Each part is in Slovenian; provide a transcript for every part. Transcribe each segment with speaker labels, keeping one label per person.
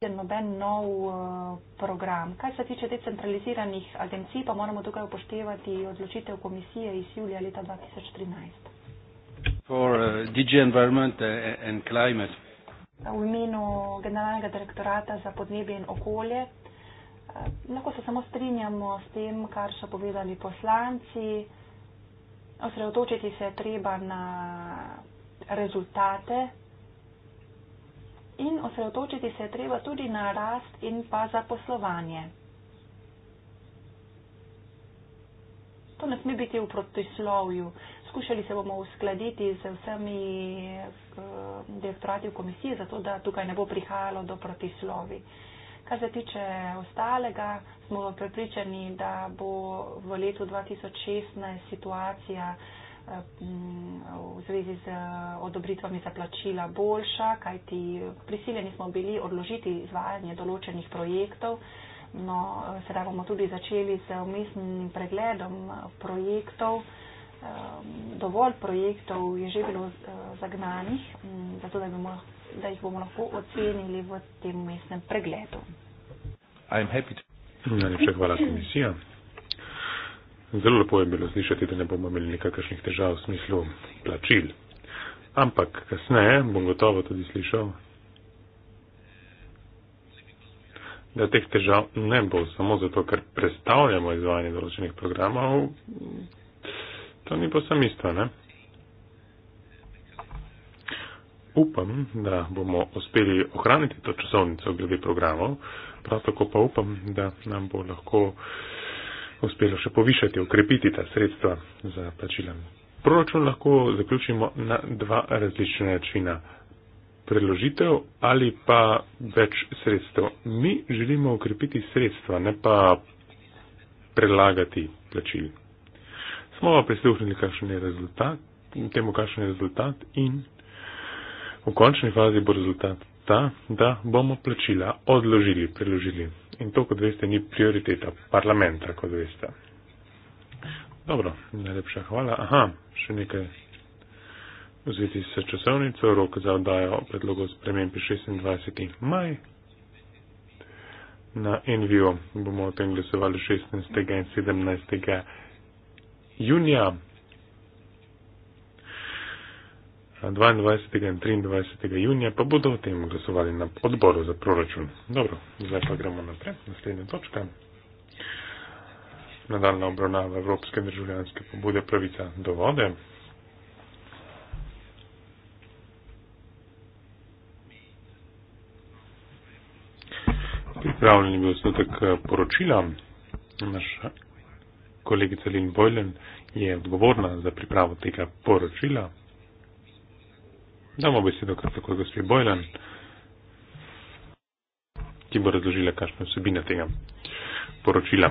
Speaker 1: noben nov uh, program. Kaj se tiče decentraliziranih agencij, pa moramo tukaj upoštevati odločitev komisije iz julija leta 2013.
Speaker 2: For, uh, eh, DG environment eh, and climate.
Speaker 1: V imenu generalnega direktorata za podnebje in okolje. Lahko se samo strinjamo s tem, kar so povedali poslanci. Osredotočiti se je treba na rezultate in osredotočiti se je treba tudi na rast in pa zaposlovanje. To ne sme biti v protislovju. Skušali se bomo uskladiti z vsemi eh, direktorati v komisiji, zato da tukaj ne bo prihajalo do protislovi. Kar se tiče ostalega, smo pripričani, da bo v letu 2016 situacija Eh, v zvezi z eh, odobritvami za plačila boljša, kajti prisiljeni smo bili odložiti izvajanje določenih projektov. No, eh, sedaj bomo tudi začeli z umestnim pregledom projektov. Dovolj projektov je že bilo zagnanih, mm, zato da, bomo, da jih bomo lahko ocenili v tem umestnem pregledu.
Speaker 3: Najlepša hvala komisija. Zelo lepo je bilo slišati, da ne bomo imeli nikakršnih težav v smislu plačil. Ampak kasneje bom gotovo tudi slišal, da teh težav ne bo samo zato, ker predstavljamo izvajanje določenih programov. To ni posem isto, ne? Upam, da bomo uspeli ohraniti to časovnico glede programov, prav tako pa upam, da nam bo lahko uh, uspelo še povišati, ukrepiti ta sredstva za plačila. Proračun lahko zaključimo na dva različna načina. Predložitev ali pa več sredstev. Mi želimo ukrepiti sredstva, ne pa predlagati plačil. Smo pa prisluhnili, kakšen je rezultat, temu, kakšen je rezultat in v končni fazi bo rezultat ta, da bomo plačila odložili, predložili in to, kot veste, ni prioriteta parlamenta, kot veste. Dobro, najlepša hvala. Aha, še nekaj v zvezi s časovnico. Rok za oddajo predlogov spremembi 26. maj. Na NVO bomo o tem glasovali 16. in 17. junija. 22. in 23. junija pa bodo o tem glasovali na odboru za proračun. Dobro, zdaj pa gremo naprej. Naslednja točka. Nadaljna obravnava Evropske državljanske pobude pravica do vode. Pripravljen je bil snutek eh, poročila. Naša kolegica Lin Bojlen je odgovorna za pripravo tega poročila. Damo besedo kar tako gospod Bojlan, ki bo razložila, kakšna je vsebina tega poročila.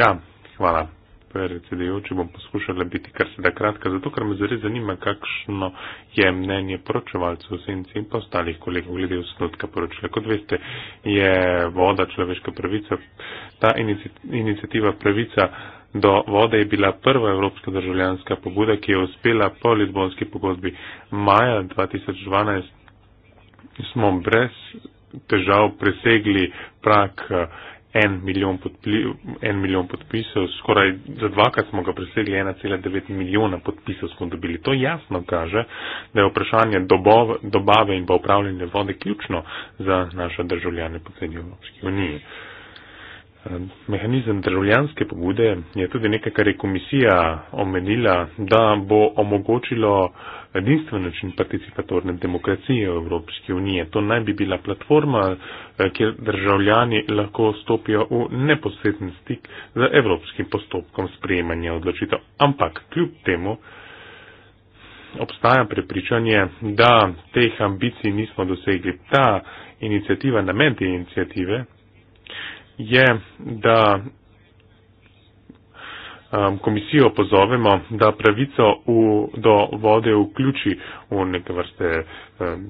Speaker 3: Ja, hvala. Predsedujoči bom poskušala biti kar se da kratka, zato ker me zares zanima, kakšno je mnenje poročevalcev senci in pa ostalih kolegov glede osnotka poročila. Kot veste, je voda človeška pravica, ta inicijativa pravica do vode je bila prva evropska državljanska pobuda, ki je uspela po Lizbonski pogodbi. Maja 2012 smo brez težav presegli prak eh, en milijon, podpli, en milijon podpisov, skoraj za dvakrat smo ga presegli 1,9 milijona podpisov smo dobili. To jasno kaže, da je vprašanje dobov, dobave in pa upravljanje vode ključno za naše državljane po celi Evropski uniji. Uh, Mehanizem državljanske pobude je tudi nekaj, kar je komisija omenila, da bo omogočilo edinstven način participatorne demokracije v Evropski uniji. To naj bi bila platforma, eh, kjer državljani lahko stopijo v neposreden stik z evropskim postopkom sprejemanja odločitev. Ampak kljub temu obstaja prepričanje, da teh ambicij nismo dosegli. Ta inicijativa, namen te inicijative je, da um, komisijo pozovemo, da pravico v, do vode vključi v neke vrste um,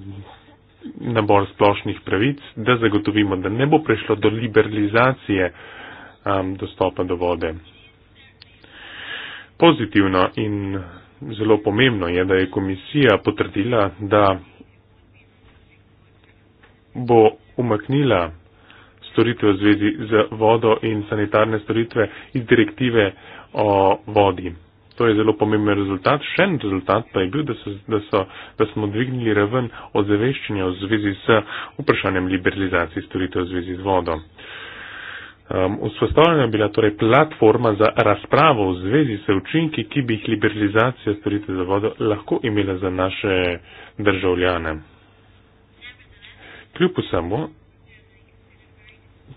Speaker 3: nabor splošnih pravic, da zagotovimo, da ne bo prišlo do liberalizacije um, dostopa do vode. Pozitivno in zelo pomembno je, da je komisija potrdila, da bo umaknila storitve v zvezi z vodo in sanitarne storitve iz direktive o vodi. To je zelo pomemben rezultat. Še en rezultat pa je bil, da, so, da, so, da smo dvignili raven ozaveščenja v zvezi s vprašanjem liberalizacije storitev v zvezi z vodo. Um, Vzpostavljena je bila torej platforma za razpravo v zvezi s učinki, ki bi jih liberalizacija storitev za vodo lahko imela za naše državljane. Kljub vsemu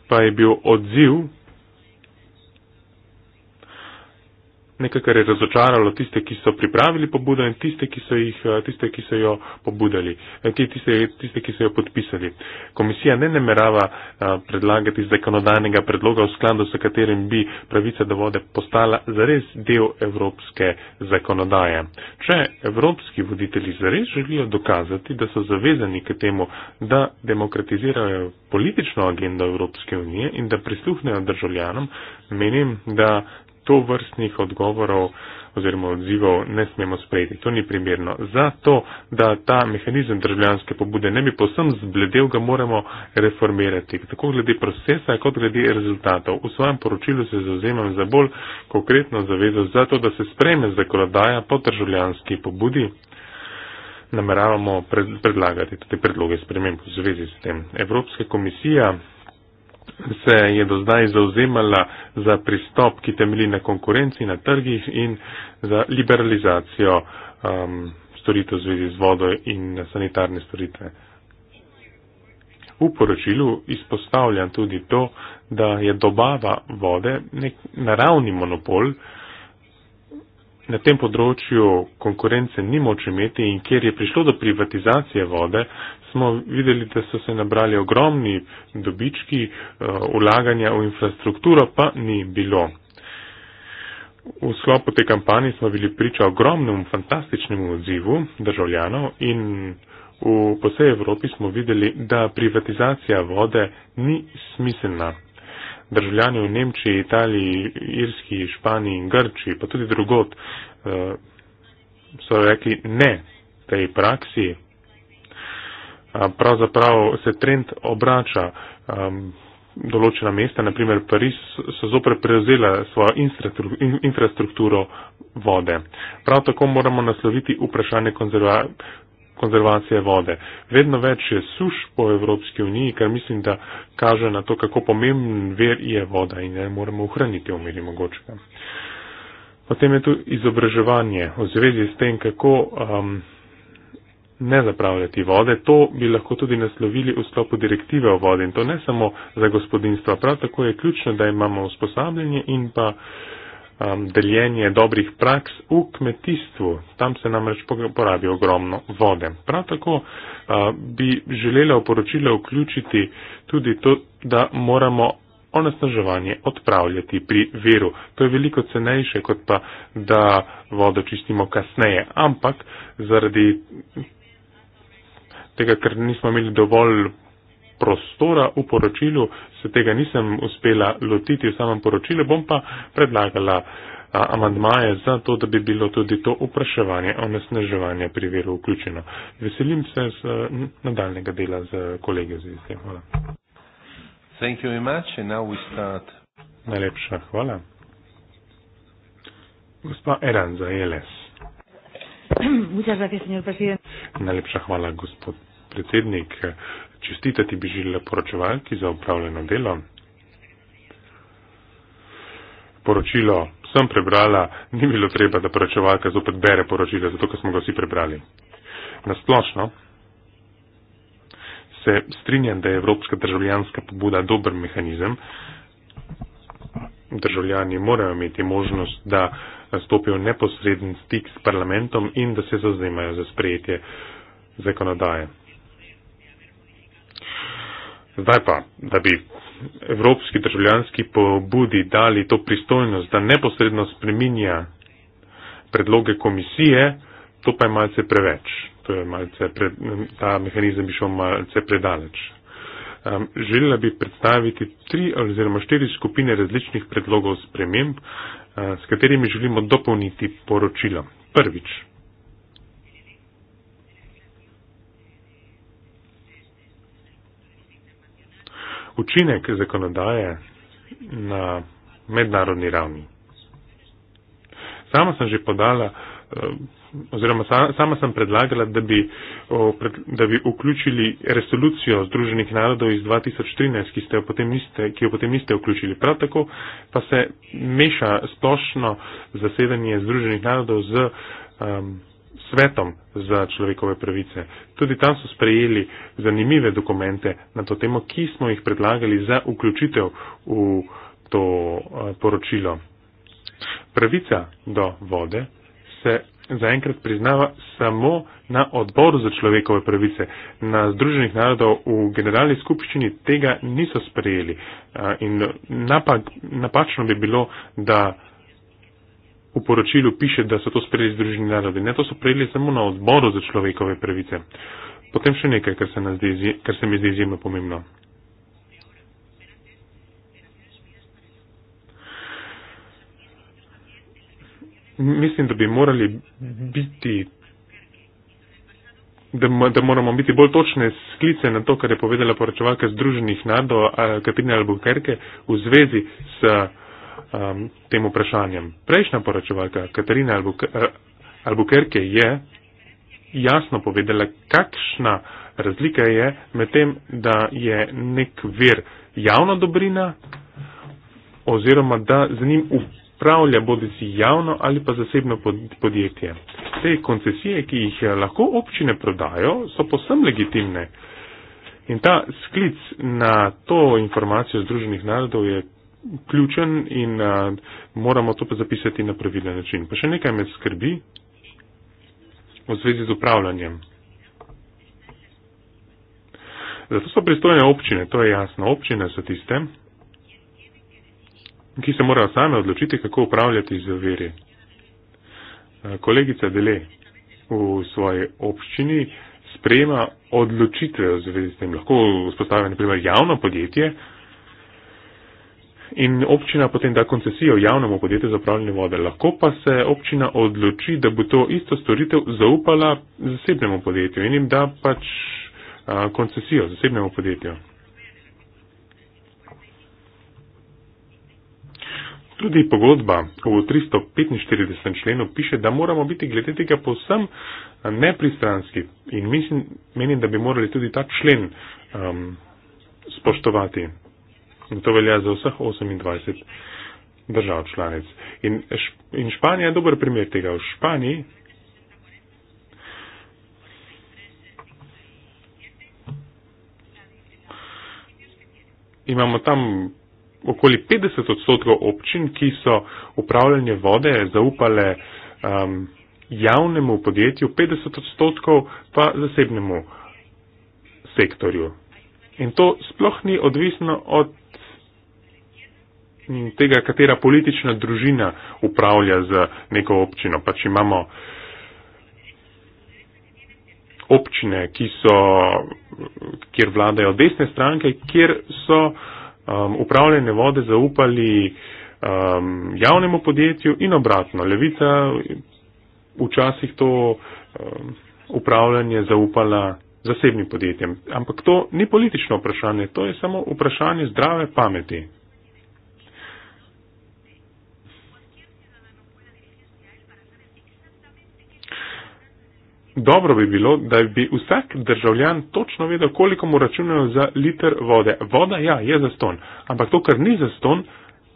Speaker 3: pa je bil odziv nekakor je razočaralo tiste, ki so pripravili pobudo in tiste, ki so, jih, eh, tiste, ki so jo pobudali, eh, tiste, tiste, ki so jo podpisali. Komisija ne namerava eh, predlagati zakonodajnega predloga, v skladu s katerim bi pravica do vode postala zares del evropske zakonodaje. Če evropski voditelji zares želijo dokazati, da so zavezani k temu, da demokratizirajo politično agendo Evropske unije in da prisluhnejo državljanom, menim, da to vrstnih odgovorov oziroma odzivov ne smemo sprejeti. To ni primerno. Zato, da ta mehanizem državljanske pobude ne bi posem zbledel, ga moramo reformirati. Tako glede procesa, kot glede rezultatov. V svojem poročilu se zauzemam za bolj konkretno zavezo za to, da se spreme zakonodaja po državljanski pobudi. Nameravamo predlagati tudi predloge sprememb v zvezi s tem. Evropska komisija se je do zdaj zauzemala za pristop, ki temelji na konkurenci na trgih in za liberalizacijo um, storitev v zvezi z vodo in sanitarne storitve. V poročilu izpostavljam tudi to, da je dobava vode nek naravni monopol, na tem področju konkurence ni moče imeti in kjer je prišlo do privatizacije vode, smo videli, da so se nabrali ogromni dobički, eh, ulaganja v infrastrukturo pa ni bilo. V sklopu te kampanje smo bili priča ogromnemu fantastičnemu odzivu državljanov in v posej Evropi smo videli, da privatizacija vode ni smiselna. Državljani v Nemčiji, Italiji, Irski, Španiji in Grčiji, pa tudi drugot, eh, so rekli ne tej praksi, pravzaprav se trend obrača. Um, določena mesta, naprimer Pariz, so zopre prevzela svojo infrastrukturo vode. Prav tako moramo nasloviti vprašanje konzerva konzervacije vode. Vedno več je suš po Evropski uniji, kar mislim, da kaže na to, kako pomemben ver je voda in jo moramo ohraniti v meri mogočega. Potem je tu izobraževanje v zvezi s tem, kako um, ne zapravljati vode. To bi lahko tudi naslovili v sklopu direktive o vodi in to ne samo za gospodinstva. Prav tako je ključno, da imamo usposabljanje in pa um, deljenje dobrih praks v kmetijstvu. Tam se namreč porabi ogromno vode. Prav tako uh, bi želela v poročilo vključiti tudi to, da moramo onesnaževanje odpravljati pri veru. To je veliko cenejše, kot pa da vodo čistimo kasneje. Ampak zaradi tega, ker nismo imeli dovolj prostora v poročilu, se tega nisem uspela lotiti v samem poročilu, bom pa predlagala amandmaje za to, da bi bilo tudi to upraševanje o nesneževanju pri veru vključeno. Veselim se z nadaljnega dela z kolegi z izdelkom. Hvala. Thank you very much and now we start. Najlepša hvala. Gospa Eranza Jeles.
Speaker 1: Muchas gracias, señor presidente.
Speaker 3: Najlepša hvala, gospod predsednik, čestitati bi želela poročevalki za upravljeno delo. Poročilo sem prebrala, ni bilo treba, da poročevalka zopet bere poročilo, zato ker smo ga vsi prebrali. Nasplošno se strinjam, da je evropska državljanska pobuda dober mehanizem. Državljani morajo imeti možnost, da stopijo neposreden stik s parlamentom in da se zazemajo za sprejetje zakonodaje. Zdaj pa, da bi evropski državljanski pobudi dali to pristojnost, da neposredno spreminja predloge komisije, to pa je malce preveč. To je malce, pre, ta mehanizem bi šel malce predaleč. Um, želela bi predstaviti tri oziroma štiri skupine različnih predlogov sprememb, uh, s katerimi želimo dopolniti poročilo. Prvič. učinek zakonodaje na mednarodni ravni. Sama sem že podala, eh, oziroma sama sem predlagala, da bi, da bi vključili resolucijo Združenih narodov iz 2013, ki, ste jo potem niste, ki jo potem niste vključili. Prav tako pa se meša splošno zasedanje Združenih narodov z. Um, svetom za človekove pravice. Tudi tam so sprejeli zanimive dokumente na to temo, ki smo jih predlagali za vključitev v to eh, poročilo. Pravica do vode se zaenkrat priznava samo na odboru za človekove pravice. Na Združenih narodov v generalni skupščini tega niso sprejeli. Eh, in napak, napačno bi bilo, da v poročilu piše, da so to sprejeli združeni narodi. Ne, to so sprejeli samo na odboru za človekove pravice. Potem še nekaj, kar se, zdi, kar se mi zdi izjemno pomembno. Mislim, da bi morali biti, da, da moramo biti bolj točne sklice na to, kar je povedala poročevalka Združenih narodov eh, Katrina Albuquerque v zvezi s um, tem vprašanjem. Prejšnja poročevalka Katarina eh, Albuquerque je jasno povedala, kakšna razlika je med tem, da je nek vir javna dobrina oziroma da z njim upravlja bodi si javno ali pa zasebno podjetje. Te koncesije, ki jih eh, lahko občine prodajo, so posem legitimne. In ta sklic na to informacijo Združenih narodov je ključen in uh, moramo to pa zapisati na pravilen način. Pa še nekaj me skrbi v zvezi z upravljanjem. Zato so pristojne občine, to je jasno. Občine so tiste, ki se morajo same odločiti, kako upravljati z veri. Kolegica Dele v svoji občini sprejema odločitve v zvezi s tem. Lahko vzpostavi naprimer javno podjetje, in občina potem da koncesijo javnemu podjetju za upravljanje vode. Lahko pa se občina odloči, da bo to isto storitev zaupala zasebnemu podjetju in jim da pač a, koncesijo zasebnemu podjetju. Tudi pogodba v 345. členu piše, da moramo biti glede tega povsem nepristranski in mislim, menim, da bi morali tudi ta člen um, spoštovati. In to velja za vseh 28 držav članic. In, in Španija je dober primer tega. V Španiji imamo tam okoli 50 odstotkov občin, ki so upravljanje vode zaupale um, javnemu podjetju, 50 odstotkov pa zasebnemu sektorju. In to sploh ni odvisno od tega, katera politična družina upravlja z neko občino. Pač imamo občine, so, kjer vladajo desne stranke, kjer so um, upravljene vode zaupali um, javnemu podjetju in obratno. Levica včasih to um, upravljanje zaupala zasebnim podjetjem. Ampak to ni politično vprašanje, to je samo vprašanje zdrave pameti. Dobro bi bilo, da bi vsak državljan točno vedel, koliko mu računajo za liter vode. Voda, ja, je za ston, ampak to, kar ni za ston,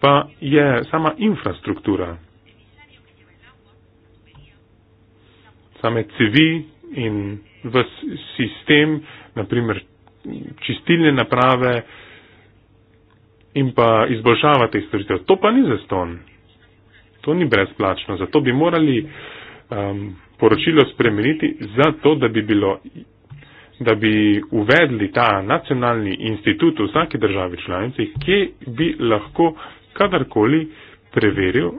Speaker 3: pa je sama infrastruktura. Same cevi in v sistem, naprimer čistilne naprave in pa izboljšava teh storitev. To pa ni za ston. To ni brezplačno. Zato bi morali. Um, poročilo spremeniti zato, da bi bilo da bi uvedli ta nacionalni institut v vsaki državi članici, ki bi lahko kadarkoli preveril,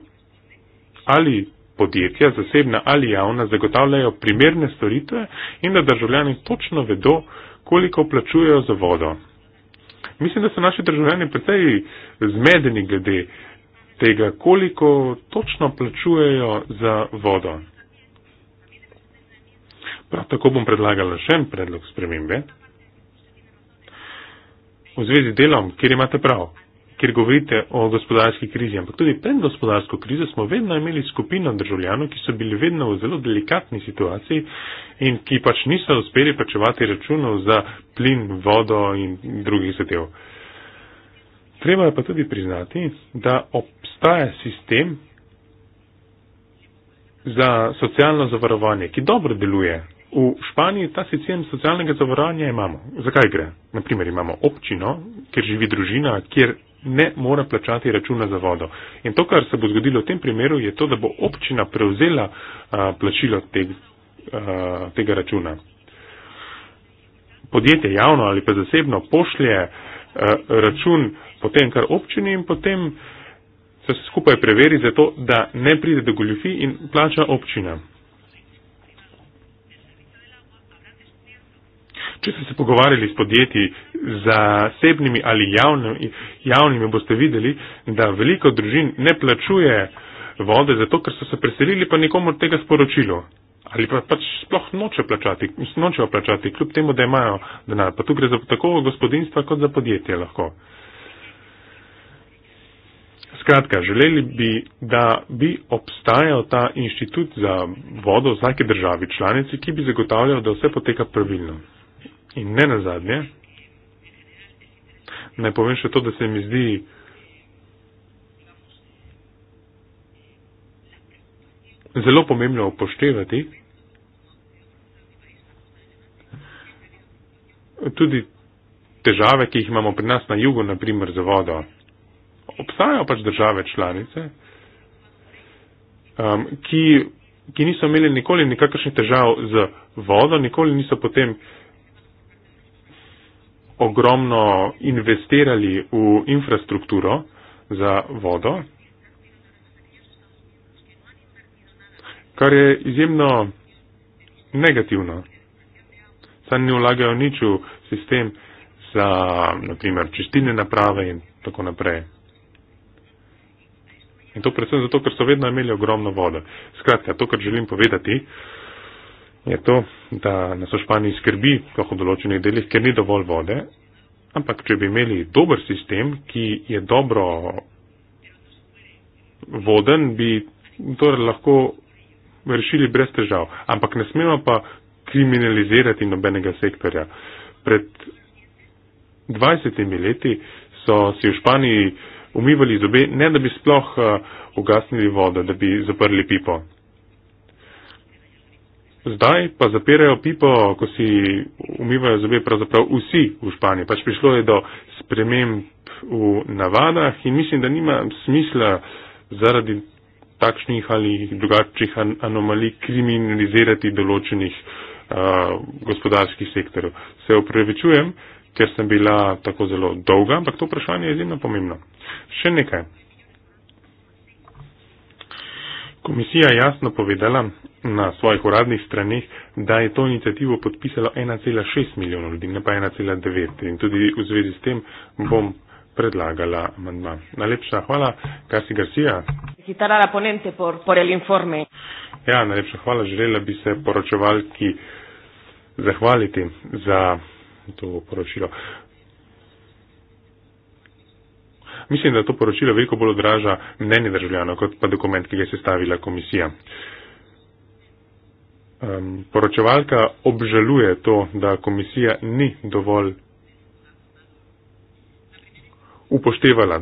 Speaker 3: ali podjetja, zasebna ali javna, zagotavljajo primerne storitve in da državljani točno vedo, koliko plačujejo za vodo. Mislim, da so naši državljani precej zmedeni glede tega, koliko točno plačujejo za vodo. Prav tako bom predlagala še en predlog spremembe. V zvezi z delom, kjer imate prav, kjer govorite o gospodarski krizi, ampak tudi pred gospodarsko krizo smo vedno imeli skupino državljanov, ki so bili vedno v zelo delikatni situaciji in ki pač niso uspeli plačevati računov za plin, vodo in drugih zadev. Treba je pa tudi priznati, da obstaja sistem za socialno zavarovanje, ki dobro deluje V Španiji ta sistem socialnega zavarovanja imamo. Zakaj gre? Naprimer imamo občino, kjer živi družina, kjer ne mora plačati računa za vodo. In to, kar se bo zgodilo v tem primeru, je to, da bo občina prevzela a, plačilo te, a, tega računa. Podjetje javno ali pa zasebno pošlje a, račun potem kar občini in potem se skupaj preveri za to, da ne pride do goljufi in plača občina. Če ste se pogovarjali s podjetji za sebnimi ali javnimi, javnimi, boste videli, da veliko družin ne plačuje vode zato, ker so se preselili, pa nikomu tega sporočilo. Ali pa pač sploh noče plačati, nočejo plačati, kljub temu, da imajo denar. Pa tu gre za tako gospodinstva, kot za podjetje lahko. Skratka, želeli bi, da bi obstajal ta inštitut za vodo v vsaki državi članici, ki bi zagotavljal, da vse poteka pravilno. In ne nazadnje, naj povem še to, da se mi zdi zelo pomembno upoštevati tudi težave, ki jih imamo pri nas na jugu, naprimer z vodo. Obstajajo pač države članice, um, ki, ki niso imeli nikoli nikakršnih težav z vodo, nikoli niso potem uh, ogromno investirali v infrastrukturo za vodo, kar je izjemno negativno. Saj ne vlagajo nič v sistem za, naprimer, čistilne naprave in tako naprej. In to predvsem zato, ker so vedno imeli ogromno vode. Skratka, to, kar želim povedati, uh, je to, da nas v Španiji skrbi, kako v določenih delih, ker ni dovolj vode, ampak če bi imeli dober sistem, ki je dobro voden, bi to torej lahko rešili brez težav. Ampak ne smemo pa kriminalizirati nobenega sektorja. Pred 20 leti so si v Španiji umivali zobe, ne da bi sploh eh, ugasnili vodo, da bi zaprli pipo zdaj pa zapirajo pipo, ko si umivajo zobe pravzaprav vsi v Španiji. Pač prišlo je do sprememb v navadah in mislim, da nima smisla zaradi takšnih ali drugačnih anomalij kriminalizirati določenih uh, gospodarskih sektorjev. Se upravičujem, ker sem bila tako zelo dolga, ampak to vprašanje je izjemno pomembno. Še nekaj. Komisija jasno povedala na svojih uradnih stranih, da je to inicijativo podpisalo 1,6 milijona ljudi, ne pa 1,9. In tudi v zvezi s tem bom predlagala amandma. Najlepša hvala, Kasi Garcia. Ja, najlepša hvala. Želela bi se poročevalki zahvaliti za to poročilo. Mislim, da to poročilo veliko bolj odraža mnenje državljanov, kot pa dokument, ki ga je sestavila komisija. Um, poročevalka obžaluje to, da komisija ni dovolj upoštevala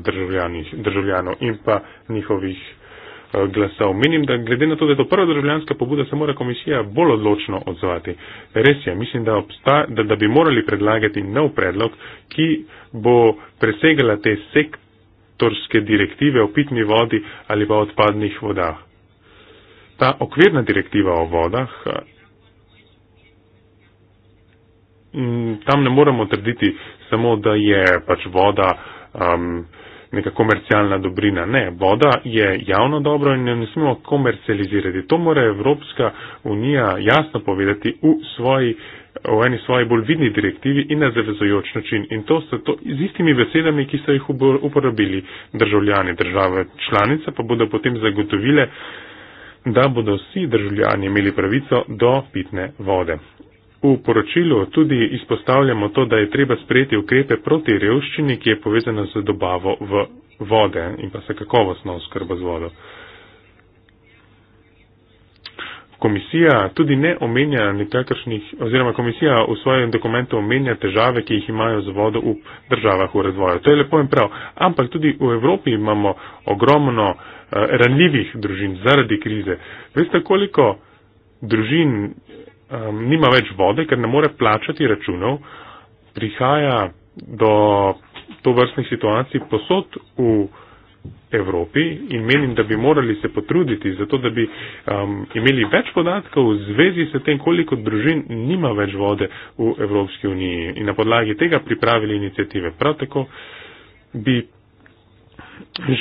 Speaker 3: državljanov in pa njihovih uh, glasov. Menim, da glede na to, da je to prva državljanska pobuda, se mora komisija bolj odločno odzvati. Res je, mislim, da, obsta, da, da bi morali predlagati nov predlog, ki bo presegala te sekte regulatorske direktive o pitni vodi ali pa odpadnih vodah. Ta okvirna direktiva o vodah, mm, tam ne moramo trditi samo, da je pač voda um, neka komercialna dobrina. Ne, voda je javno dobro in ne smemo komercializirati. To mora Evropska unija jasno povedati v svoji v eni svoji bolj vidni direktivi in na zavezojoč način. In to so to z istimi besedami, ki so jih uporabili državljani države članice, pa bodo potem zagotovile, da bodo vsi državljani imeli pravico do pitne vode. V poročilu tudi izpostavljamo to, da je treba sprejeti ukrepe proti revščini, ki je povezana z dobavo v vode in pa se kakovostno oskrba z vodo komisija tudi ne omenja nikakršnih, oziroma komisija v svojem dokumentu omenja težave, ki jih imajo z vodo v državah v razvoju. To je lepo in prav. Ampak tudi v Evropi imamo ogromno uh, ranljivih družin zaradi krize. Veste, koliko družin um, nima več vode, ker ne more plačati računov, prihaja do to vrstnih situacij posod v. Evropi in menim, da bi morali se potruditi za to, da bi um, imeli več podatkov v zvezi s tem, koliko družin nima več vode v Evropski uniji in na podlagi tega pripravili inicijative. Prav tako bi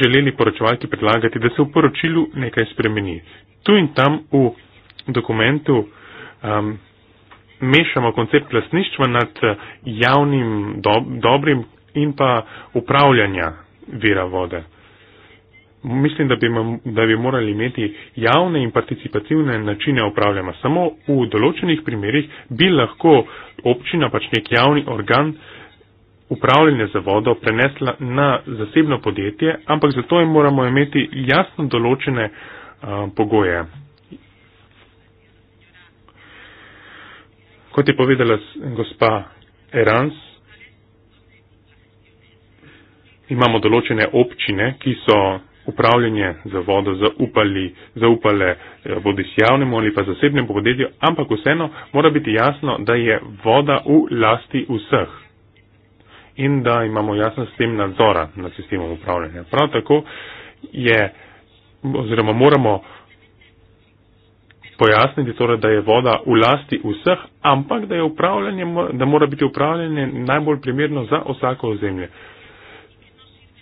Speaker 3: želeli poročevalki predlagati, da se v poročilu nekaj spremeni. Tu in tam v dokumentu um, mešamo koncept lasništva nad uh, javnim dob dobrim in pa upravljanja vira vode mislim, da bi, da bi morali imeti javne in participativne načine upravljanja. Samo v določenih primerjih bi lahko občina, pač nek javni organ upravljanja za vodo, prenesla na zasebno podjetje, ampak zato je moramo imeti jasno določene uh, pogoje. Kot je povedala gospa Erans, imamo določene občine, ki so upravljanje za vodo zaupali, zaupale eh, bodi si javnemu ali pa zasebnemu podjetju, ampak vseeno mora biti jasno, da je voda v lasti vseh in da imamo jasen sistem nadzora nad sistemom upravljanja. Prav tako je, oziroma moramo pojasniti torej, da je voda v lasti vseh, ampak da, je upravljanje, da mora biti upravljanje najbolj primerno za vsako ozemlje.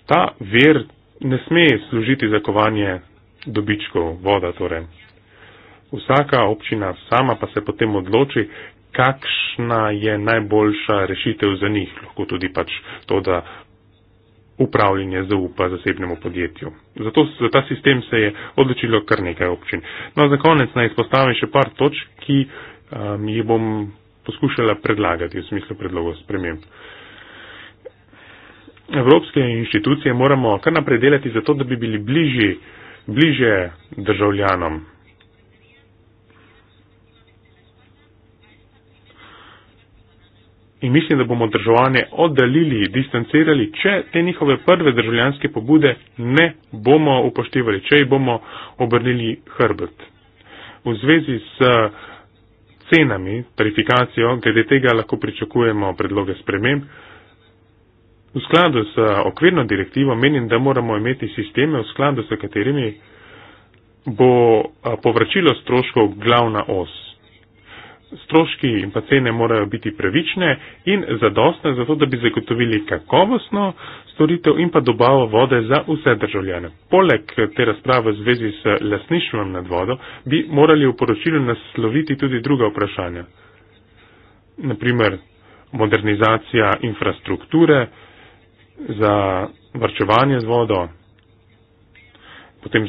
Speaker 3: Ta vir ne sme služiti za kovanje dobičkov, voda torej. Vsaka občina sama pa se potem odloči, kakšna je najboljša rešitev za njih, lahko tudi pač to, da upravljanje zaupa zasebnemu podjetju. Zato za ta sistem se je odločilo kar nekaj občin. No, za konec naj izpostavim še par točk, ki um, jih bom poskušala predlagati v smislu predlogov sprememb. Uh, evropske inštitucije moramo kar naprej delati zato, da bi bili bliži, bliže državljanom. In mislim, da bomo državljane oddalili, distancirali, če te njihove prve državljanske pobude ne bomo upoštevali, če jih bomo obrnili hrbet. V zvezi s cenami, tarifikacijo, glede tega lahko pričakujemo predloge sprememb. V skladu s eh, okvirno direktivo menim, da moramo imeti sisteme, v skladu s katerimi bo eh, povračilo stroškov glavna os. Stroški in pa cene morajo biti pravične in zadostne za to, da bi zagotovili kakovostno storitev in pa dobavo vode za vse državljane. Poleg eh, te razprave v zvezi s lasništvom nad vodo bi morali v poročilu nasloviti tudi druga vprašanja. Naprimer, modernizacija infrastrukture, za vrčevanje z vodo, potem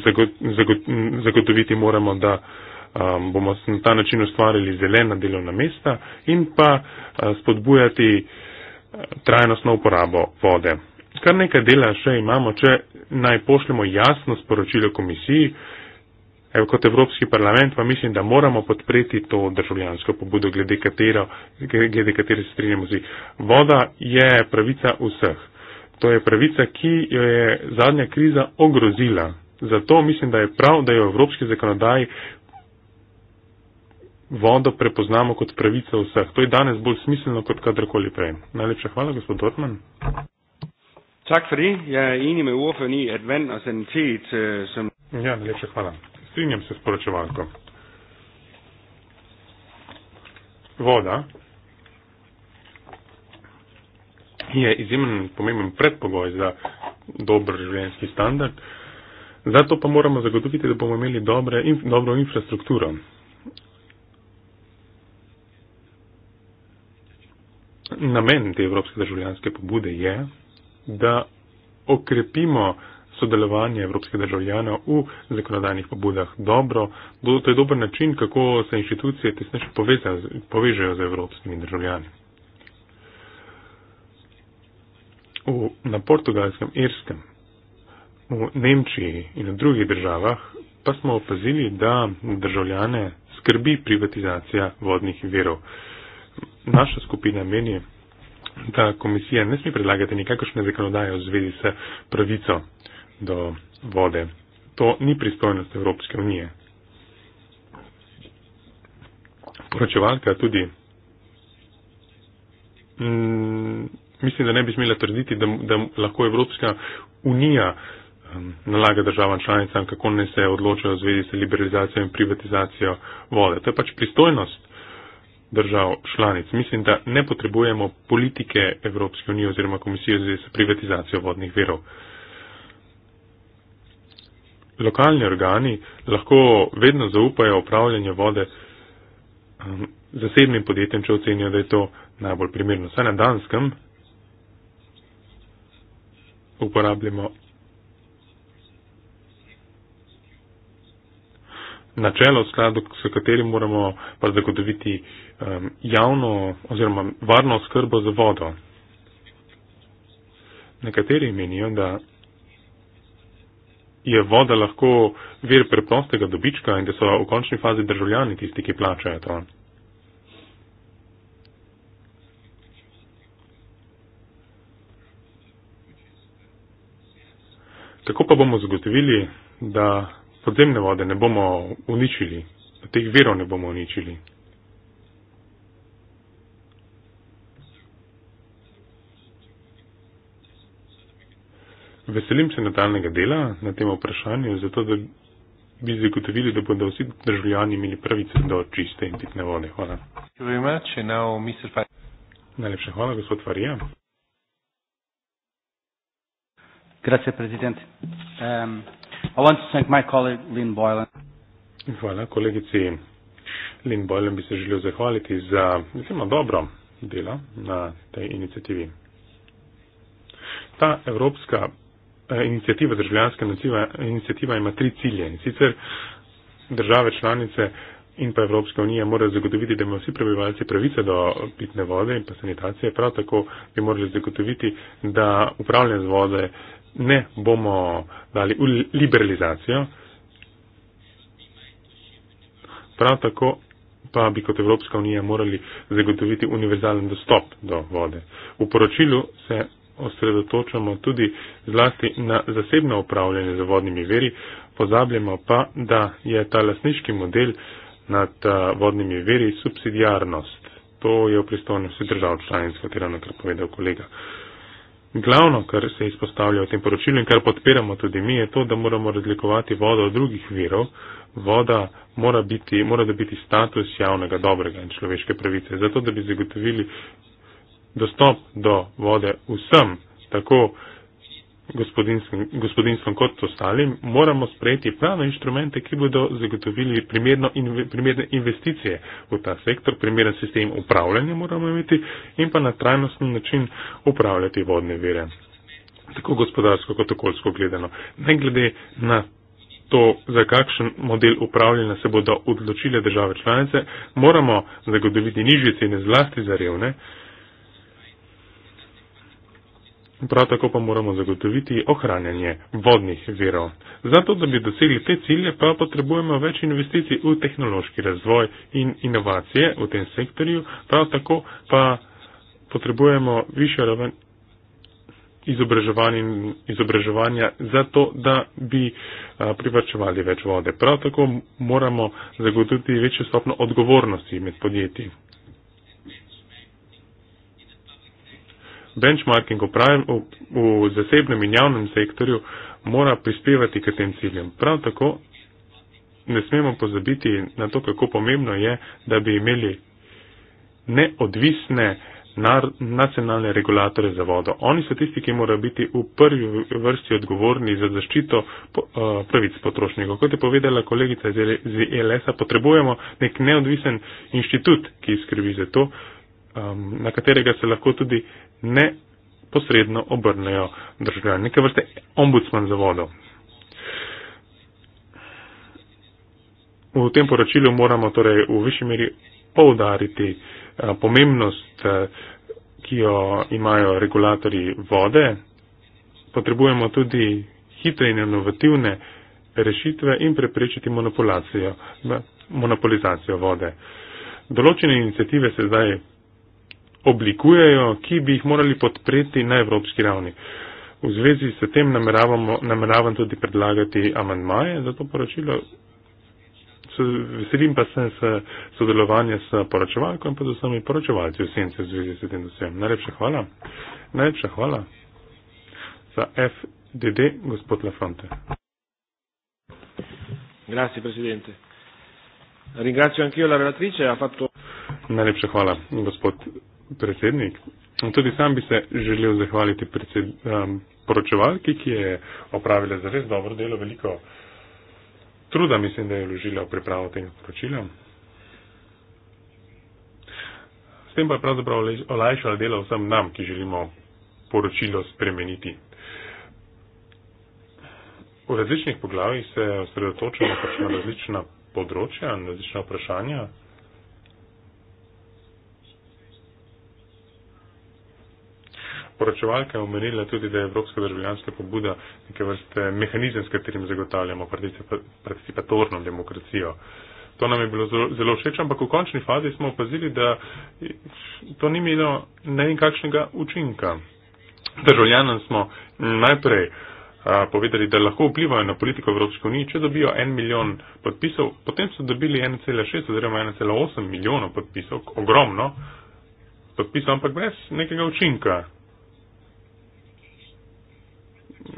Speaker 3: zagotoviti moramo, da um, bomo na ta način ustvarili zelena delovna mesta in pa uh, spodbujati uh, trajnostno uporabo vode. Kar nekaj dela še imamo, če naj pošljemo jasno sporočilo komisiji, evo kot Evropski parlament pa mislim, da moramo podpreti to državljansko pobudo, glede katero, glede katero se strinjamo vsi. Voda je pravica vseh. To je pravica, ki jo je zadnja kriza ogrozila. Zato mislim, da je prav, da jo v evropski zakonodaji vodo prepoznamo kot pravico vseh. To je danes bolj smiselno kot kadarkoli prej. Najlepša hvala, gospod Dortman. Tak fri, ja, in ime uofe ni adventna sentit. Sem... Ja, najlepša hvala. Strinjam se s poročevalko. Voda. je izjemen pomemben predpogoj za dober življenjski standard. Zato pa moramo zagotoviti, da bomo imeli dobre, in, dobro infrastrukturo. Namen te evropske državljanske pobude je, da okrepimo sodelovanje evropskih državljanov v zakonodajnih pobudah dobro. To je dober način, kako se inštitucije tesneje povežejo z evropskimi državljani. u, na portugalskem, irskem, v Nemčiji in v drugih državah pa smo opazili, da državljane skrbi privatizacija vodnih verov. Naša skupina meni, da komisija ne sme predlagati nikakršne zakonodaje v zvezi s pravico do vode. To ni pristojnost Evropske unije. Poročevalka tudi. Mm, mislim, da ne bi smela trditi, da, da lahko Evropska unija um, nalaga državam članicam, kako ne se odločajo v zvezi s liberalizacijo in privatizacijo vode. To je pač pristojnost držav članic. Mislim, da ne potrebujemo politike Evropske unije oziroma komisije v zvezi s privatizacijo vodnih verov. Lokalni organi lahko vedno zaupajo upravljanje vode um, zasebnim podjetjem, če ocenijo, da je to najbolj primerno. Saj na Danskem uporabljamo načelo, v skladu s katerim moramo pa zagotoviti um, javno oziroma varno skrbo za vodo. Nekateri menijo, da je voda lahko vir preprostega dobička in da so v končni fazi državljani tisti, ki plačajo to. Tako pa bomo zagotovili, da podzemne vode ne bomo uničili, da teh verov ne bomo uničili. Veselim se nadaljnega dela na tem vprašanju, zato da bi zagotovili, da bodo vsi državljani imeli pravice do čiste in pitne vode. Hvala. Najlepša hvala, gospod Farija.
Speaker 1: Grazie, Presidente.
Speaker 3: Um, I want to thank my colleague Lynn Boylan. Hvala, kolegici Lynn Boylan bi se želel zahvaliti za, mislim, dobro delo na tej inicijativi. Ta evropska eh, inicijativa, državljanska inicijativa ima tri cilje. In sicer države članice in pa Evropska unija morajo zagotoviti, da imajo vsi prebivalci pravice do pitne vode in pa sanitacije. Prav tako bi morali zagotoviti, da upravljanje z vode ne bomo dali v liberalizacijo. Prav tako pa bi kot Evropska unija morali zagotoviti univerzalen dostop do vode. V poročilu se osredotočamo tudi zlasti na zasebno upravljanje z vodnimi veri, pozabljamo pa, da je ta lasniški model nad eh, vodnimi veri subsidijarnost. To je v pristojnosti držav članic, kot je ravno kar povedal kolega. Uh, Glavno, kar se izpostavlja v tem poročilu in kar podpiramo tudi mi, je to, da moramo razlikovati vodo od drugih virov. Voda mora, biti, mora dobiti status javnega dobrega in človeške pravice. Zato, da bi zagotovili dostop do vode vsem, tako gospodinstvom kot ostalim, moramo sprejeti pravne inštrumente, ki bodo zagotovili primerno in, primerne investicije v ta sektor, primeren sistem upravljanja moramo imeti in pa na trajnostni način upravljati vodne vire. Tako gospodarsko kot okoljsko gledano. Ne glede na to, za kakšen model upravljanja se bodo odločile države članice, moramo zagotoviti nižje cene zlasti za revne. Uh, Prav tako pa moramo zagotoviti ohranjanje vodnih verov. Zato, da bi dosegli te cilje, pa potrebujemo več investicij v tehnološki razvoj in inovacije v tem sektorju, prav tako pa potrebujemo više raven izobraževanja, izobraževanja za to, da bi privrčevali več vode. Prav tako moramo zagotoviti večjo stopno odgovornosti med podjetji. benchmarking v, pravim, v, v zasebnem in javnem sektorju mora prispevati k tem ciljem. Prav tako ne smemo pozabiti na to, kako pomembno je, da bi imeli neodvisne nacionalne regulatore za vodo. Oni so tisti, ki morajo biti v prvi vrsti odgovorni za zaščito eh, pravic potrošnikov. Kot je povedala kolegica iz ELS-a, potrebujemo nek neodvisen inštitut, ki skrbi za to, um, na katerega se lahko tudi neposredno obrnejo državljani. Nekaj vrste ombudsman za vodo. V tem poročilu moramo torej v višji meri poudariti a, uh, pomembnost, a, uh, ki jo imajo regulatori vode. Potrebujemo tudi hitre in inovativne rešitve in preprečiti monopolizacijo vode. Določene inicijative se zdaj oblikujejo, ki bi jih morali podpreti na evropski ravni. V zvezi s tem nameravam tudi predlagati amandmaje za to poročilo. Veselim pa se sodelovanja s poročevalko in pa z vsemi poročevalci v senci v zvezi s tem vsem. Najlepša hvala. Najlepša hvala za FDD, gospod Lafonte. Grazie, presidente. Ringrazio anch'io la relatrice, ha fatto. Najlepša hvala, gospod predsednik. Tudi sam bi se želel zahvaliti predsed, um, poročevalki, ki je opravila za res dobro delo, veliko truda mislim, da je vložila v pripravo tega poročila. S tem pa je pravzaprav olajšala delo vsem nam, ki želimo poročilo spremeniti. V različnih poglavjih se osredotočamo pač na različna področja, na različna vprašanja, poročevalka je omenila tudi, da je Evropska državljanska pobuda neke vrste mehanizem, s katerim zagotavljamo participatorno demokracijo. To nam je bilo zelo všeč, ampak v končni fazi smo opazili, da to ni imelo nekakšnega učinka. Državljanom smo najprej a, povedali, da lahko vplivajo na politiko Evropske unije, če dobijo en milijon podpisov, potem so dobili 1,6 oziroma 1,8 milijonov podpisov, ogromno podpisov, ampak brez nekega učinka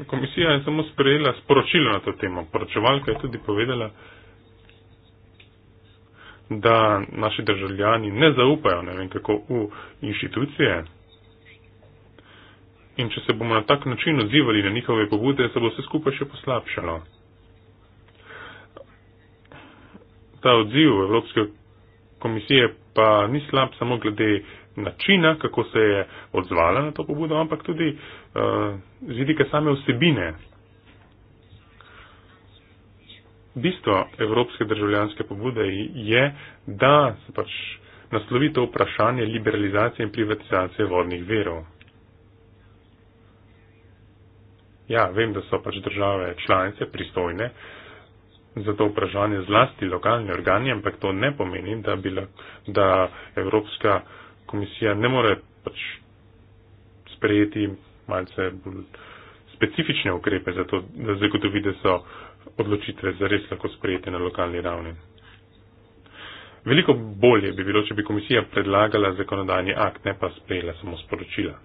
Speaker 3: komisija je samo sprejela sporočilo na to temo. Poročevalka je tudi povedala, da naši državljani ne zaupajo, ne vem kako, v inštitucije. In če se bomo na tak način odzivali na njihove pobude, se bo vse skupaj še poslabšalo. Ta odziv Evropske komisije pa ni slab samo glede načina, kako se je odzvala na to pobudo, ampak tudi uh, z vidika same osebine. Bistvo evropske državljanske pobude je, da se pač naslovi to vprašanje liberalizacije in privatizacije vodnih verov. Ja, vem, da so pač države članice pristojne za to vprašanje zlasti lokalni organi, ampak to ne pomeni, da, bila, da Evropska uh, komisija ne more pač sprejeti malce bolj specifične ukrepe za to, da zagotovi, da so odločitve zares lahko sprejete na lokalni ravni. Veliko bolje bi bilo, če bi komisija predlagala zakonodajni akt, ne pa sprejela samo sporočila.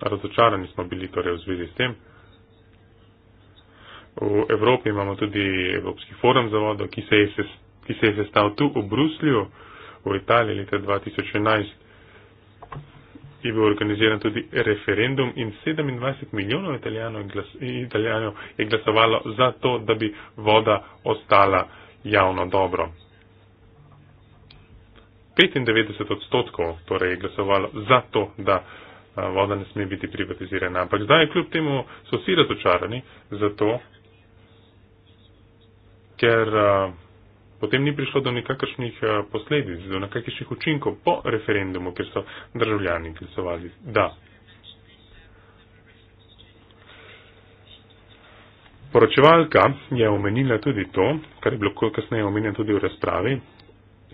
Speaker 3: Razočarani smo bili torej v zvezi s tem. V Evropi imamo tudi Evropski forum za vodo, ki se je sestavljal ki se je sestal tu v Bruslju v Italiji leta 2011. Je bil organiziran tudi referendum in 27 milijonov italijanov, glas, italijanov je glasovalo za to, da bi voda ostala javno dobro. 95 odstotkov torej je glasovalo za to, da voda ne sme biti privatizirana. Ampak zdaj kljub temu so vsi razočarani zato, ker. Uh, potem ni prišlo do nekakršnih eh, posledic, do nekakršnih učinkov po referendumu, ker so državljani glasovali da. Poročevalka je omenila tudi to, kar je bilo kasneje omenjeno tudi v razpravi,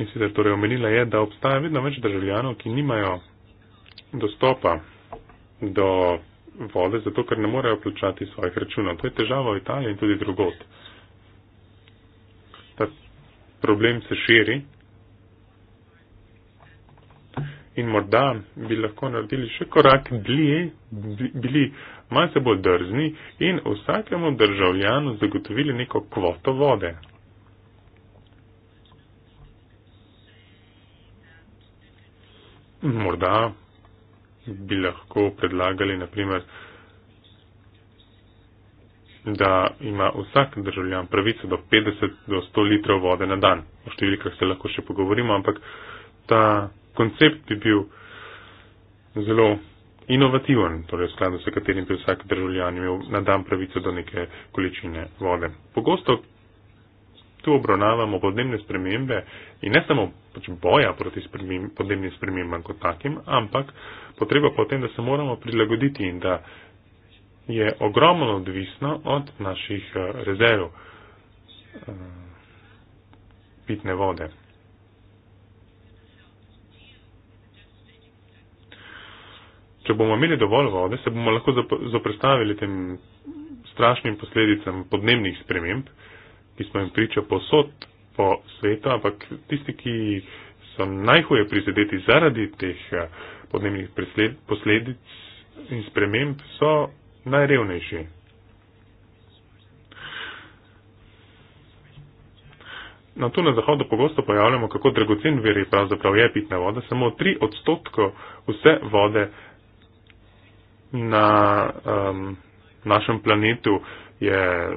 Speaker 3: in sicer torej omenila je, da obstaja vedno več državljanov, ki nimajo dostopa do vode, zato ker ne morejo plačati svojih računov. To je težava v Italiji in tudi drugot. Uh, problem se širi. In morda bi lahko naredili še korak dlje, bili malce bolj drzni in vsakemu državljanu zagotovili neko kvoto vode. Morda bi lahko predlagali, naprimer, da ima vsak državljan pravico do 50 do 100 litrov vode na dan. O številkah se lahko še pogovorimo, ampak ta koncept bi bil zelo inovativen, torej v skladu s katerim bi vsak državljan imel na dan pravico do neke količine vode. Pogosto tu obravnavamo podnebne spremembe in ne samo pač boja proti spremem, podnebnim spremembam kot takim, ampak potreba potem, da se moramo prilagoditi in da je ogromno odvisno od naših eh, rezerv eh, pitne vode. Če bomo imeli dovolj vode, se bomo lahko zaprestavili tem strašnim posledicam podnebnih sprememb, ki smo jim priča posod po svetu, ampak tisti, ki so najhuje prizadeti zaradi teh eh, podnebnih posledic in sprememb, so najrevnejši. Na to na zahodu pogosto pojavljamo, kako dragocen veri pravzaprav je pitna voda. Samo 3 odstotko vse vode na um, našem planetu je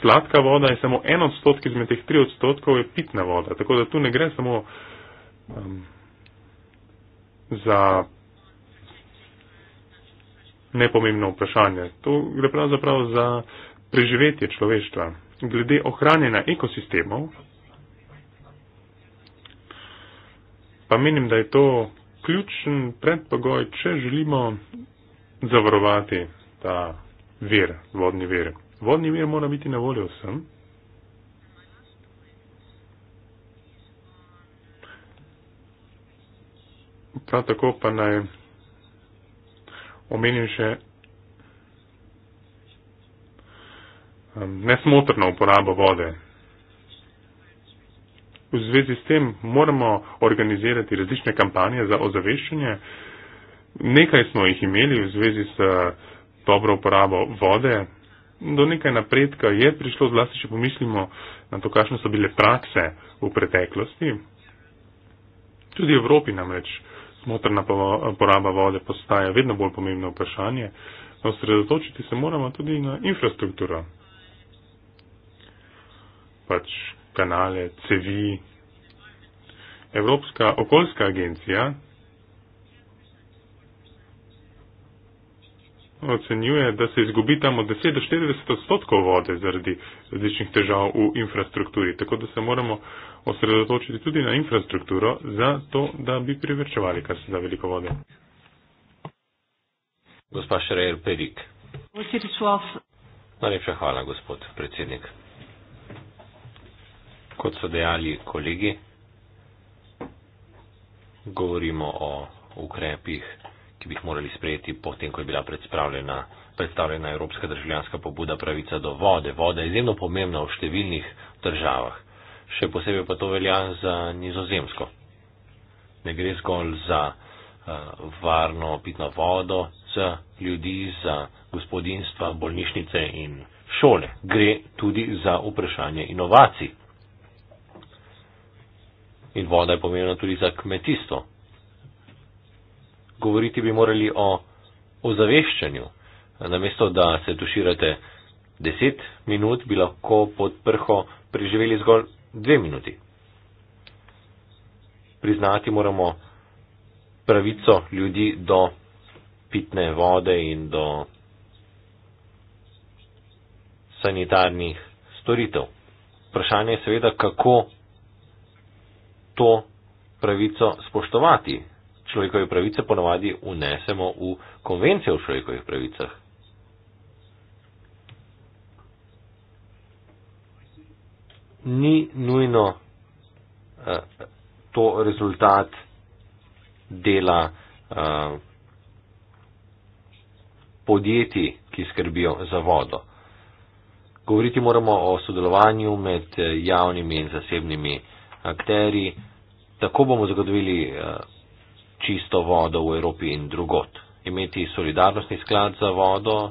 Speaker 3: sladka voda in samo 1 odstotek izmed teh 3 odstotkov je pitna voda. Tako da tu ne gre samo um, za nepomembno vprašanje. To gre pravzaprav za preživetje človeštva. Glede ohranjena ekosistemov, pa menim, da je to ključen predpogoj, če želimo zavarovati ta vir, vodni vir. Vodni vir mora biti na voljo vsem. Prav tako pa naj omenim še um, nesmotrno uporabo vode. V zvezi s tem moramo organizirati različne kampanje za ozaveščanje. Nekaj smo jih imeli v zvezi s uh, dobro uporabo vode. Do nekaj napredka je prišlo, zlasti če pomislimo na to, kakšne so bile prakse v preteklosti. Tudi v Evropi namreč. Smotrna poraba vode postaja vedno bolj pomembno vprašanje, no sredotočiti se moramo tudi na infrastrukturo. Pač kanale, cevi. Evropska okoljska agencija ocenjuje, da se izgubi tam od 10 do 40 odstotkov vode zaradi različnih težav v infrastrukturi. Tako da se moramo osredotočiti tudi na infrastrukturo za to, da bi privrčevali kar se da veliko vode.
Speaker 2: Gospa Šrejer Perik. Najlepša hvala, gospod predsednik. Kot so dejali kolegi, govorimo o ukrepih ki bi jih morali sprejeti potem, ko je bila predstavljena, predstavljena Evropska državljanska pobuda pravica do vode. Voda je izjemno pomembna v številnih državah. Še posebej pa to velja za nizozemsko. Ne gre zgolj za uh, varno pitno vodo, za ljudi, za gospodinstva, bolnišnice in šole. Gre tudi za vprašanje inovacij. In voda je pomembna tudi za kmetijstvo govoriti bi morali o ozaveščanju. Namesto, da se tuširate deset minut, bi lahko pod prho preživeli zgolj dve minuti. Priznati moramo pravico ljudi do pitne vode in do sanitarnih storitev. Vprašanje je seveda, kako to pravico spoštovati, človekove pravice ponavadi unesemo v konvencijo o človekovih pravicah. Ni nujno eh, to rezultat dela eh, podjetij, ki skrbijo za vodo. Govoriti moramo o sodelovanju med eh, javnimi in zasebnimi akteri. Tako bomo zagotovili eh, čisto vodo v Evropi in drugot. Imeti solidarnostni sklad za vodo,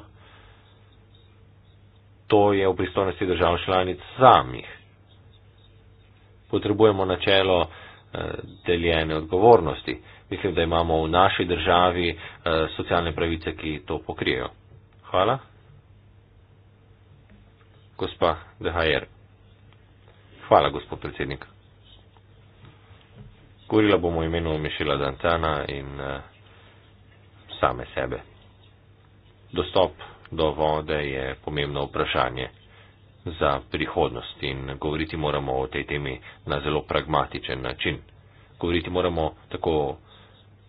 Speaker 2: to je v pristojnosti držav članic samih. Potrebujemo načelo eh, deljene odgovornosti. Mislim, da imamo v naši državi eh, socialne pravice, ki to pokrijejo. Hvala. Gospa Dehajer. Hvala, gospod predsednik. Govorila bomo o imenu Mišela Dantana in uh, same sebe. Dostop do vode je pomembno vprašanje za prihodnost in govoriti moramo o tej temi na zelo pragmatičen način. Govoriti moramo tako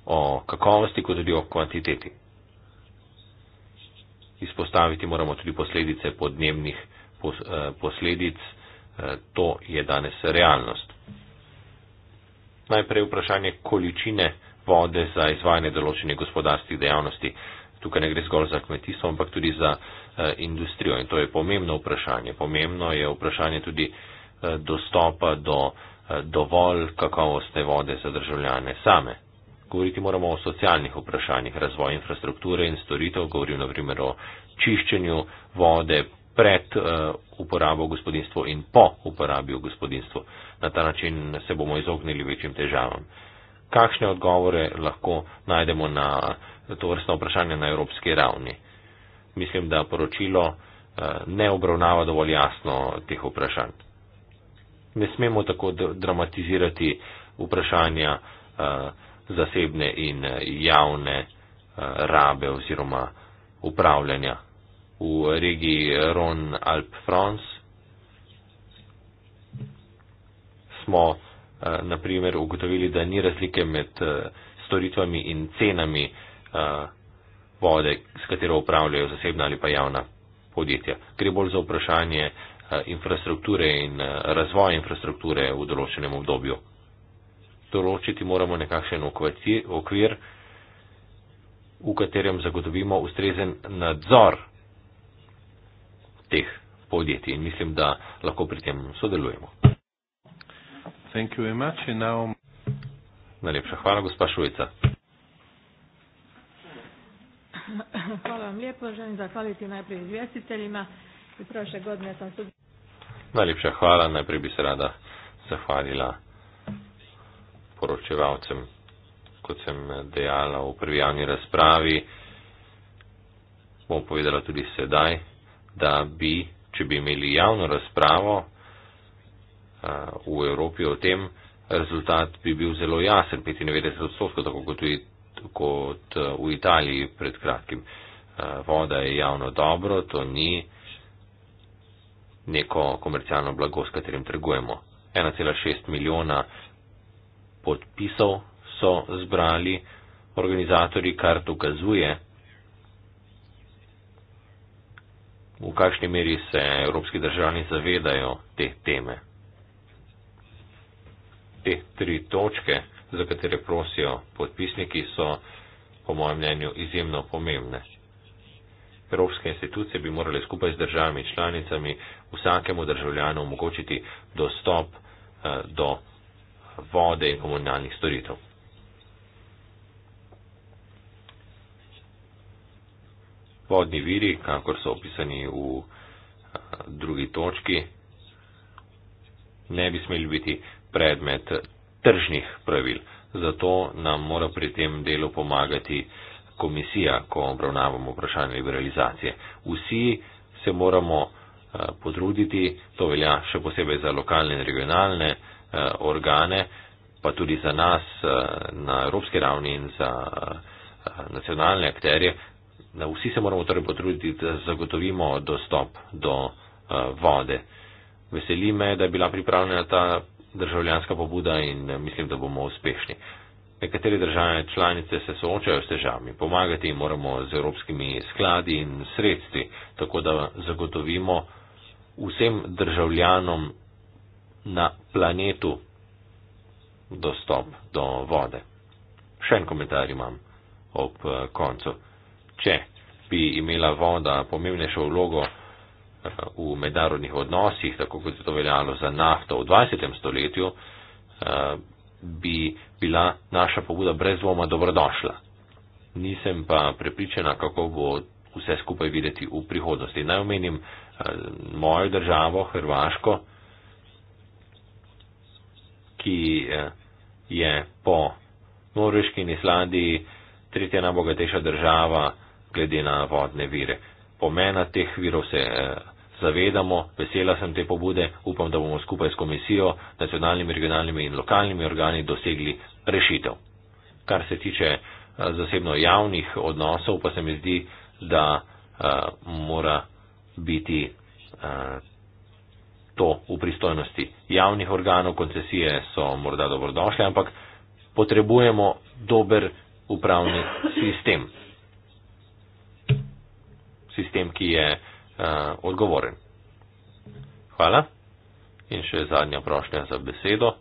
Speaker 2: o kakovosti kot tudi o kvantiteti. Izpostaviti moramo tudi posledice podnebnih pos, uh, posledic. Uh, to je danes realnost. Najprej vprašanje količine vode za izvajanje določenih gospodarskih dejavnosti. Tukaj ne gre zgolj za kmetijstvo, ampak tudi za eh, industrijo. In to je pomembno vprašanje. Pomembno je vprašanje tudi eh, dostopa do eh, dovolj kakovostne vode za državljane same. Govoriti moramo o socialnih vprašanjih, razvoju infrastrukture in storitev, govorim naprimer o čiščenju vode, pred eh, uporabo v gospodinstvo in po uporabi v gospodinstvo. Na ta način se bomo izognili večjim težavam. Kakšne odgovore lahko najdemo na eh, to vrstno vprašanje na evropski ravni? Mislim, da poročilo eh, ne obravnava dovolj jasno teh vprašanj. Ne smemo tako dramatizirati vprašanja zasebne in javne rabe oziroma upravljanja v regiji Rhône-Alpes-France. Smo eh, naprimer ugotovili, da ni razlike med eh, storitvami in cenami eh, vode, s katero upravljajo zasebna ali pa javna podjetja. Gre bolj za vprašanje infrastrukture in razvoja infrastrukture v določenem obdobju. Določiti moramo nekakšen okvir, v katerem zagotovimo ustrezen nadzor teh podjetij in mislim, da lahko pri tem sodelujemo. Now... Najlepša hvala, gospa Šujica.
Speaker 1: Hvala vam lijepo, želim zahvaliti najprej izvjestiteljima i prošle godine sam tu.
Speaker 2: Najlepša hvala, najprej bi se rada zahvalila poročevalcem, kot sem dejala v prvi javni razpravi, bom povedala tudi sedaj, da bi, če bi imeli javno razpravo eh, v Evropi o tem, rezultat bi bil zelo jasen, 95 odstotkov, tako kot eh, v Italiji pred kratkim. Eh, voda je javno dobro, to ni neko komercialno blago, s katerim trgujemo. 1,6 milijona podpisov so zbrali organizatorji, kar dokazuje, v kakšni meri se evropski državni zavedajo te teme. Te tri točke, za katere prosijo podpisniki, so po mojem mnenju izjemno pomembne. Evropske institucije bi morali skupaj z državami članicami vsakemu državljanu omogočiti dostop eh, do vode in komunalnih storitev. vodni viri, kakor so opisani v eh, drugi točki, ne bi smeli biti predmet tržnih pravil. Zato nam mora pri tem delu pomagati komisija, ko obravnavamo vprašanje liberalizacije. Vsi se moramo eh, potruditi, to velja še posebej za lokalne in regionalne eh, organe, pa tudi za nas na evropski ravni in za nacionalne akterje, Vsi se moramo torej potruditi, da zagotovimo dostop do eh, vode. Veseli me, da je bila pripravljena ta državljanska pobuda in eh, mislim, da bomo uspešni. Nekatere države članice se soočajo s težavami. Pomagati jim moramo z evropskimi skladi in sredstvi, tako da zagotovimo vsem državljanom na planetu dostop do vode. Še en komentar imam ob eh, koncu če bi imela voda pomembnejšo vlogo eh, v mednarodnih odnosih, tako kot je to veljalo za nafto v 20. stoletju, eh, bi bila naša pobuda brez dvoma dobrodošla. Nisem pa prepričana, kako bo vse skupaj videti v prihodnosti. Naj omenim eh, mojo državo, Hrvaško, ki je po Norveški in Islandiji tretja najbogatejša država glede na vodne vire. Pomena teh virov se eh, zavedamo, vesela sem te pobude, upam, da bomo skupaj s komisijo, nacionalnimi, regionalnimi in lokalnimi organi dosegli rešitev. Kar se tiče eh, zasebno javnih odnosov, pa se mi zdi, da eh, mora biti eh, to v pristojnosti javnih organov, koncesije so morda dobrodošle, ampak potrebujemo dober upravni sistem sistem, ki je uh, odgovoren. Hvala. In še zadnja prošnja za besedo.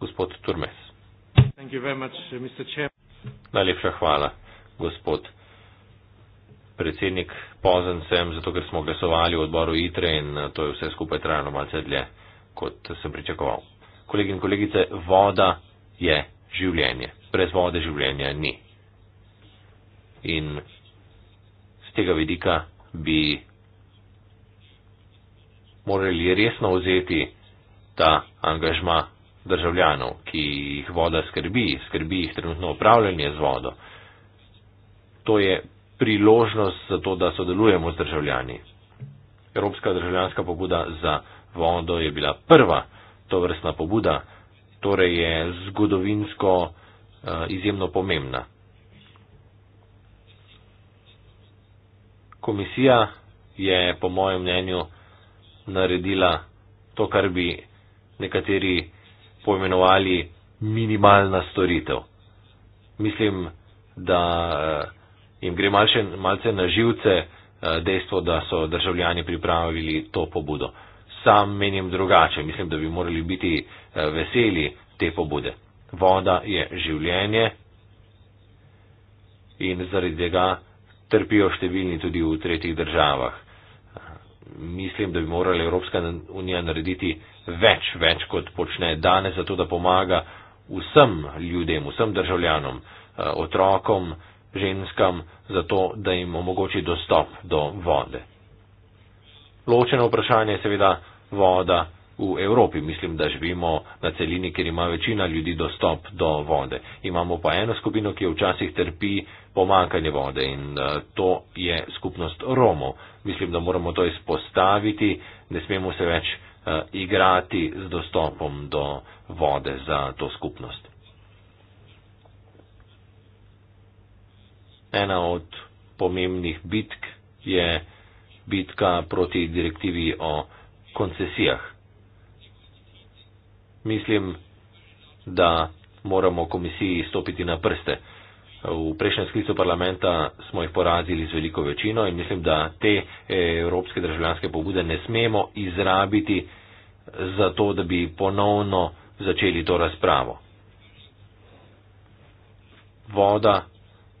Speaker 2: Gospod Turmes. Uh, Najlepša hvala, gospod predsednik. Pozen sem, zato ker smo glasovali v odboru ITRE in eh, to je vse skupaj trajalo malce dlje, kot sem pričakoval. Kolegi in kolegice, voda je življenje. Brez vode življenja ni. In z tega vidika bi morali resno vzeti ta angažma državljanov, ki jih voda skrbi, skrbi jih trenutno upravljanje z vodo. To je priložnost za to, da sodelujemo z državljani. Evropska državljanska pobuda za vodo je bila prva to vrstna pobuda, torej je zgodovinsko uh, izjemno pomembna. komisija je, po mojem mnenju, naredila to, kar bi nekateri poimenovali minimalna storitev. Mislim, da eh, jim gre malce, malce na živce eh, dejstvo, da so državljani pripravili to pobudo. Sam menim drugače, mislim, da bi morali biti eh, veseli te pobude. Voda je življenje in zaradi tega trpijo številni tudi v tretjih državah. Mislim, da bi morala Evropska unija narediti več, več kot počne danes, zato da pomaga vsem ljudem, vsem državljanom, eh, otrokom, ženskam, zato da jim omogoči dostop do vode. Ločeno vprašanje je seveda voda v Evropi. Mislim, da živimo na celini, kjer ima večina ljudi dostop do vode. Imamo pa eno skupino, ki včasih trpi pomankanje vode in eh, to je skupnost Romov. Mislim, da moramo to izpostaviti, ne smemo se več eh, igrati z dostopom do vode za to skupnost. Ena od pomembnih bitk je bitka proti direktivi o koncesijah mislim, da moramo komisiji stopiti na prste. V prejšnjem sklicu parlamenta smo jih porazili z veliko večino in mislim, da te evropske državljanske pobude ne smemo izrabiti za to, da bi ponovno začeli to razpravo. Voda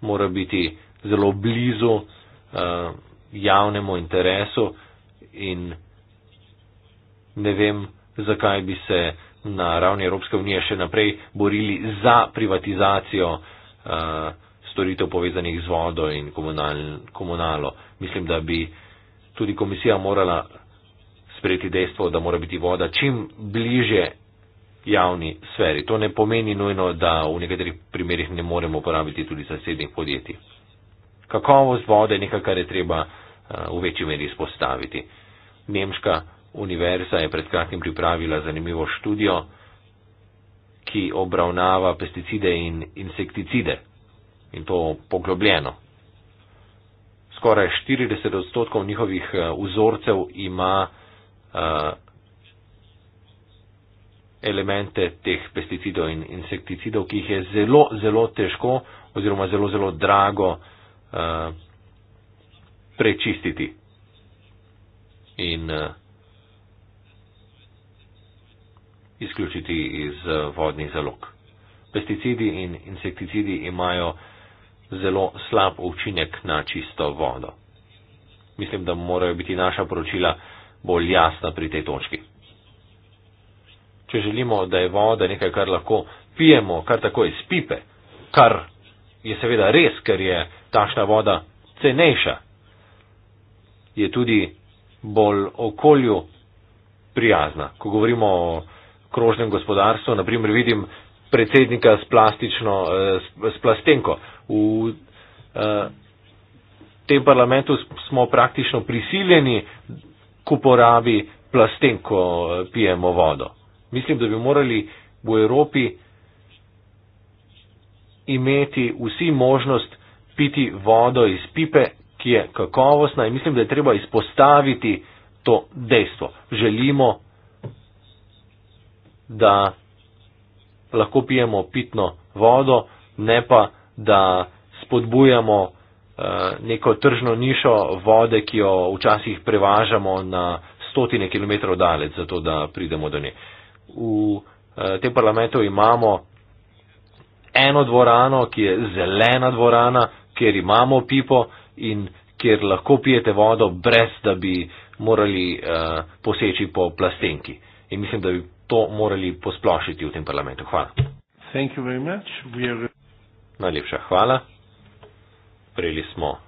Speaker 2: mora biti zelo blizu uh, javnemu interesu in ne vem, zakaj bi se na ravni Evropske unije še naprej borili za privatizacijo uh, storitev povezanih z vodo in komunal, komunalo. Mislim, da bi tudi komisija morala sprejeti dejstvo, da mora biti voda čim bliže javni sferi. To ne pomeni nujno, da v nekaterih primerjih ne moremo uporabiti tudi zasebnih podjetij. Kakovost vode je nekaj, kar je treba uh, v večji meri izpostaviti. Nemška Univerza je pred kratkim pripravila zanimivo študijo, ki obravnava pesticide in insekticide in to poglobljeno. Skoraj 40 odstotkov njihovih eh, vzorcev ima uh, elemente teh pesticidov in insekticidov, ki jih je zelo, zelo težko oziroma zelo, zelo drago uh, prečistiti. In, uh, izključiti iz eh, vodnih zalog. Pesticidi in insekticidi imajo zelo slab učinek na čisto vodo. Mislim, da morajo biti naša poročila bolj jasna pri tej točki. Če želimo, da je voda nekaj, kar lahko pijemo kar tako iz pipe, kar je seveda res, ker je tašna voda cenejša, je tudi bolj okolju prijazna. Ko govorimo o krožnem gospodarstvu, naprimer vidim predsednika s plastično, eh, s plastenko. V eh, tem parlamentu smo praktično prisiljeni k uporabi plastenko, eh, pijemo vodo. Mislim, da bi morali v Evropi imeti vsi možnost piti vodo iz pipe, ki je kakovostna in mislim, da je treba izpostaviti to dejstvo. Želimo da lahko pijemo pitno vodo, ne pa, da spodbujamo eh, neko tržno nišo vode, ki jo včasih prevažamo na stotine kilometrov dalec, zato da pridemo do nje. V eh, tem parlamentu imamo eno dvorano, ki je zelena dvorana, kjer imamo pipo in kjer lahko pijete vodo, brez da bi morali eh, poseči po plastenki. In mislim, da bi to morali posplošiti v tem parlamentu. Hvala.
Speaker 3: Are...
Speaker 2: Najlepša hvala. Prejeli smo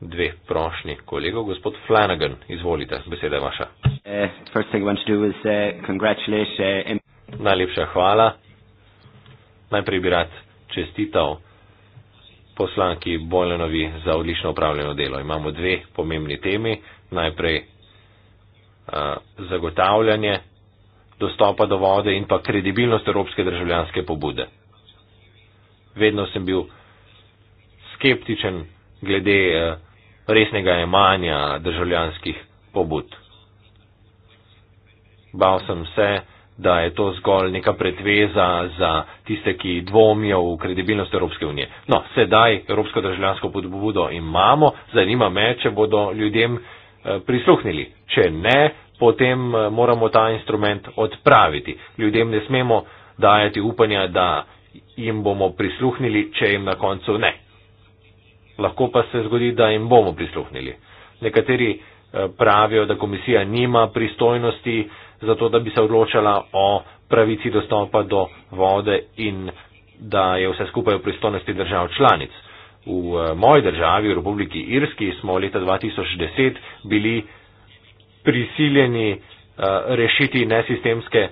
Speaker 2: dve prošnje kolegov. Gospod Flanagan, izvolite, beseda je vaša.
Speaker 1: Uh, is, uh, uh
Speaker 2: Najlepša hvala. Najprej bi rad čestital poslanki Bojlenovi za odlično upravljeno delo. Imamo dve pomembni temi. Najprej uh, zagotavljanje dostopa do vode in pa kredibilnost evropske državljanske pobude. Vedno sem bil skeptičen glede eh, resnega emanja državljanskih pobud. Bal sem se, da je to zgolj neka pretveza za tiste, ki dvomijo v kredibilnost Evropske unije. No, sedaj Evropsko državljansko podbudo imamo, zanima me, če bodo ljudem eh, prisluhnili. Če ne, potem eh, moramo ta instrument odpraviti. Ljudem ne smemo dajati upanja, da jim bomo prisluhnili, če jim na koncu ne. Lahko pa se zgodi, da jim bomo prisluhnili. Nekateri eh, pravijo, da komisija nima pristojnosti za to, da bi se odločala o pravici dostopa do vode in da je vse skupaj v pristojnosti držav članic. V eh, moji državi, v Republiki Irski, smo leta 2010 bili prisiljeni eh, rešiti nesistemske eh,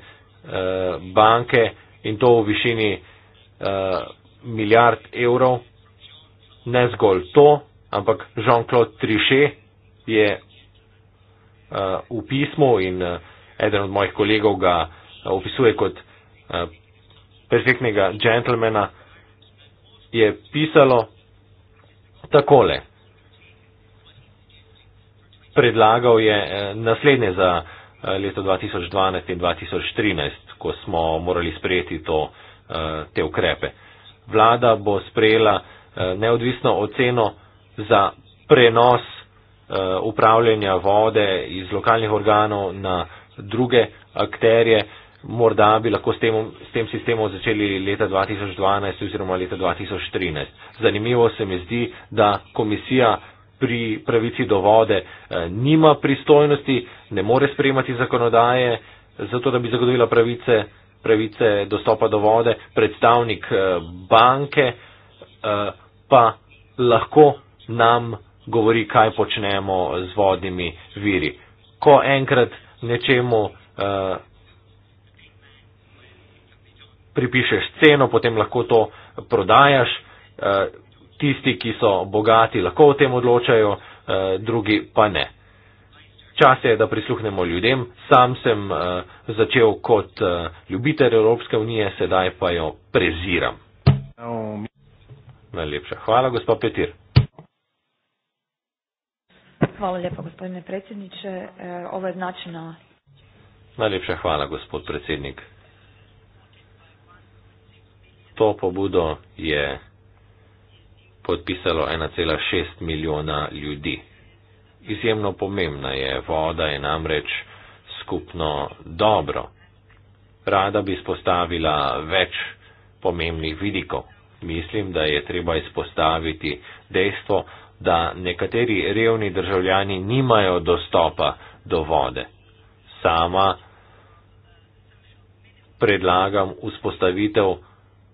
Speaker 2: banke in to v višini eh, milijard evrov. Ne zgolj to, ampak Jean-Claude Trichet je v pismu in eden od mojih kolegov ga opisuje kot perfektnega džentlmena, je pisalo takole predlagal je eh, naslednje za eh, leto 2012 in 2013, ko smo morali sprejeti to, eh, te ukrepe. Vlada bo sprejela neodvisno oceno za prenos upravljanja vode iz lokalnih organov na druge akterje. Morda bi lahko s tem, s tem sistemom začeli leta 2012 oziroma leta 2013. Zanimivo se mi zdi, da komisija pri pravici do vode eh, nima pristojnosti, ne more sprejemati zakonodaje, zato da bi zagotovila pravice, pravice dostopa do vode, predstavnik eh, banke eh, pa lahko nam govori, kaj počnemo z vodnimi viri. Ko enkrat nečemu pripišeš ceno, potem lahko to prodajaš tisti, ki so bogati, lahko o tem odločajo, eh, drugi pa ne. Čas je, da prisluhnemo ljudem. Sam sem eh, začel kot eh, ljubitelj Evropske unije, sedaj pa jo preziram. Najlepša hvala, gospod Petir.
Speaker 1: Hvala lepa, gospodine predsedniče. Ovo je značajno.
Speaker 2: Najlepša hvala, gospod predsednik. To pobudo je podpisalo 1,6 milijona ljudi. Izjemno pomembna je voda je namreč skupno dobro. Rada bi spostavila več pomembnih vidikov. Mislim, da je treba izpostaviti dejstvo, da nekateri revni državljani nimajo dostopa do vode. Sama predlagam vzpostavitev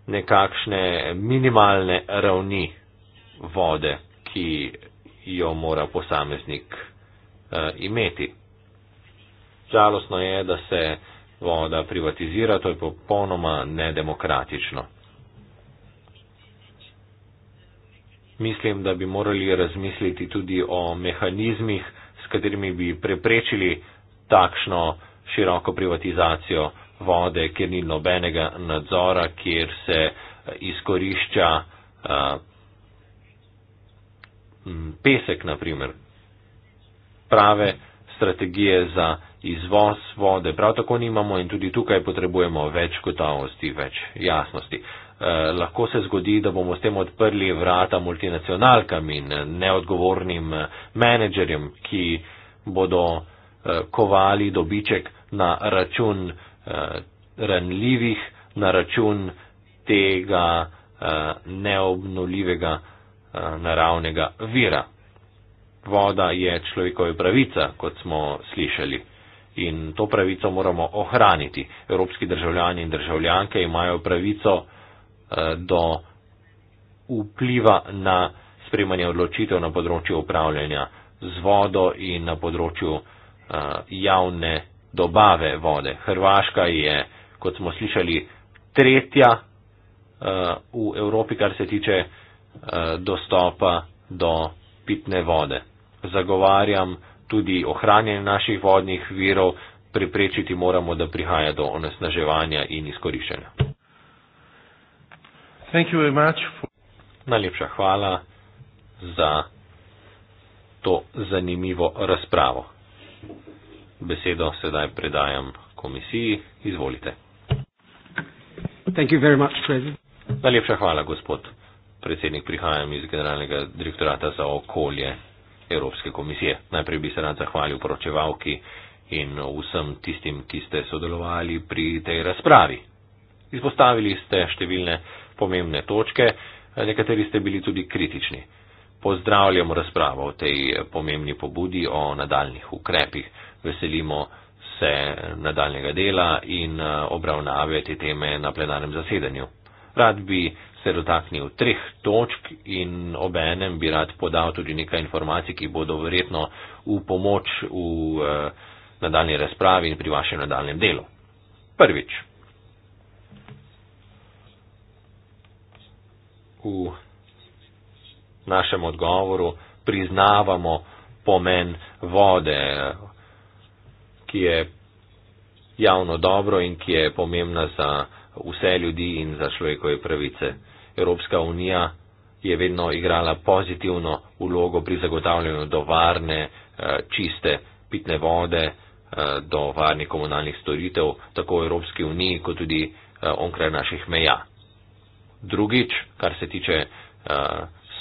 Speaker 2: nekakšne minimalne ravni vode, ki jo mora posameznik eh, imeti. Žalostno je, da se voda privatizira, to je popolnoma nedemokratično. Mislim, da bi morali razmisliti tudi o mehanizmih, s katerimi bi preprečili takšno široko privatizacijo vode, kjer ni nobenega nadzora, kjer se eh, izkorišča eh, Mm, pesek, naprimer, prave strategije za izvoz vode. Prav tako nimamo in tudi tukaj potrebujemo več gotovosti, več jasnosti. Eh, lahko se zgodi, da bomo s tem odprli vrata multinacionalkam in neodgovornim menedžerjem, ki bodo eh, kovali dobiček na račun eh, ranljivih, na račun tega eh, neobnuljivega Eh, naravnega vira. Voda je človekova pravica, kot smo slišali. In to pravico moramo ohraniti. Evropski državljani in državljanke imajo pravico eh, do vpliva na spremanje odločitev na področju upravljanja z vodo in na področju eh, javne dobave vode. Hrvaška je, kot smo slišali, tretja v Evropi, kar se tiče Eh, dostopa do pitne vode. Zagovarjam tudi ohranjanje naših vodnih virov, preprečiti moramo, da prihaja do onesnaževanja in izkoriščanja. Najlepša hvala za to zanimivo razpravo. Besedo sedaj predajam komisiji. Izvolite. Najlepša hvala, gospod predsednik prihajam iz generalnega direktorata za okolje Evropske komisije. Najprej bi se rad zahvalil poročevalki in vsem tistim, ki ste sodelovali pri tej razpravi. Izpostavili ste številne pomembne točke, nekateri ste bili tudi kritični. Pozdravljamo razpravo o tej pomembni pobudi o nadaljnih ukrepih. Veselimo se nadaljnega dela in obravnave te teme na plenarnem zasedanju rad bi se dotaknil treh točk in obenem bi rad podal tudi nekaj informacij, ki bodo verjetno v pomoč v eh, nadaljni razpravi in pri vašem nadaljem delu. Prvič. V našem odgovoru priznavamo pomen vode, ki je javno dobro in ki je pomembna za vse ljudi in za človekove pravice. Evropska unija je vedno igrala pozitivno ulogo pri zagotavljanju do varne, eh, čiste pitne vode, eh, do varnih komunalnih storitev, tako v Evropski uniji, kot tudi eh, onkraj naših meja. Drugič, kar se tiče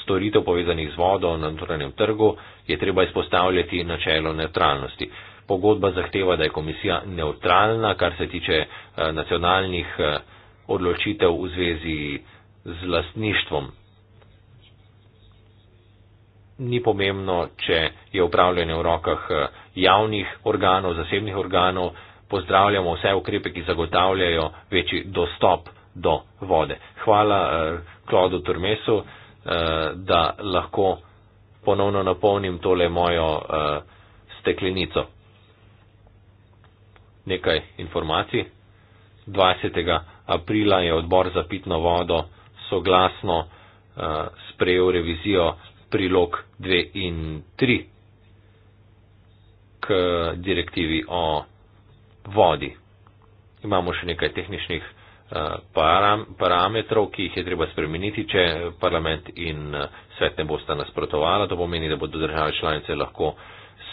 Speaker 2: storitev povezanih z vodo na notranjem trgu, je treba izpostavljati načelo neutralnosti. Pogodba zahteva, da je komisija neutralna, kar se tiče eh, nacionalnih eh, odločitev v zvezi z lastništvom. Ni pomembno, če je upravljanje v rokah eh, javnih organov, zasebnih organov, pozdravljamo vse ukrepe, ki zagotavljajo večji dostop do vode. Hvala Klodu Turmesu, da lahko ponovno napolnim tole mojo steklenico nekaj informacij. 20. aprila je odbor za pitno vodo soglasno uh, sprejel revizijo prilog 2 in 3 k direktivi o vodi. Imamo še nekaj tehničnih eh, param, parametrov, ki jih je treba spremeniti, če parlament in eh, svet ne bosta nasprotovala. To pomeni, da bodo države članice lahko uh,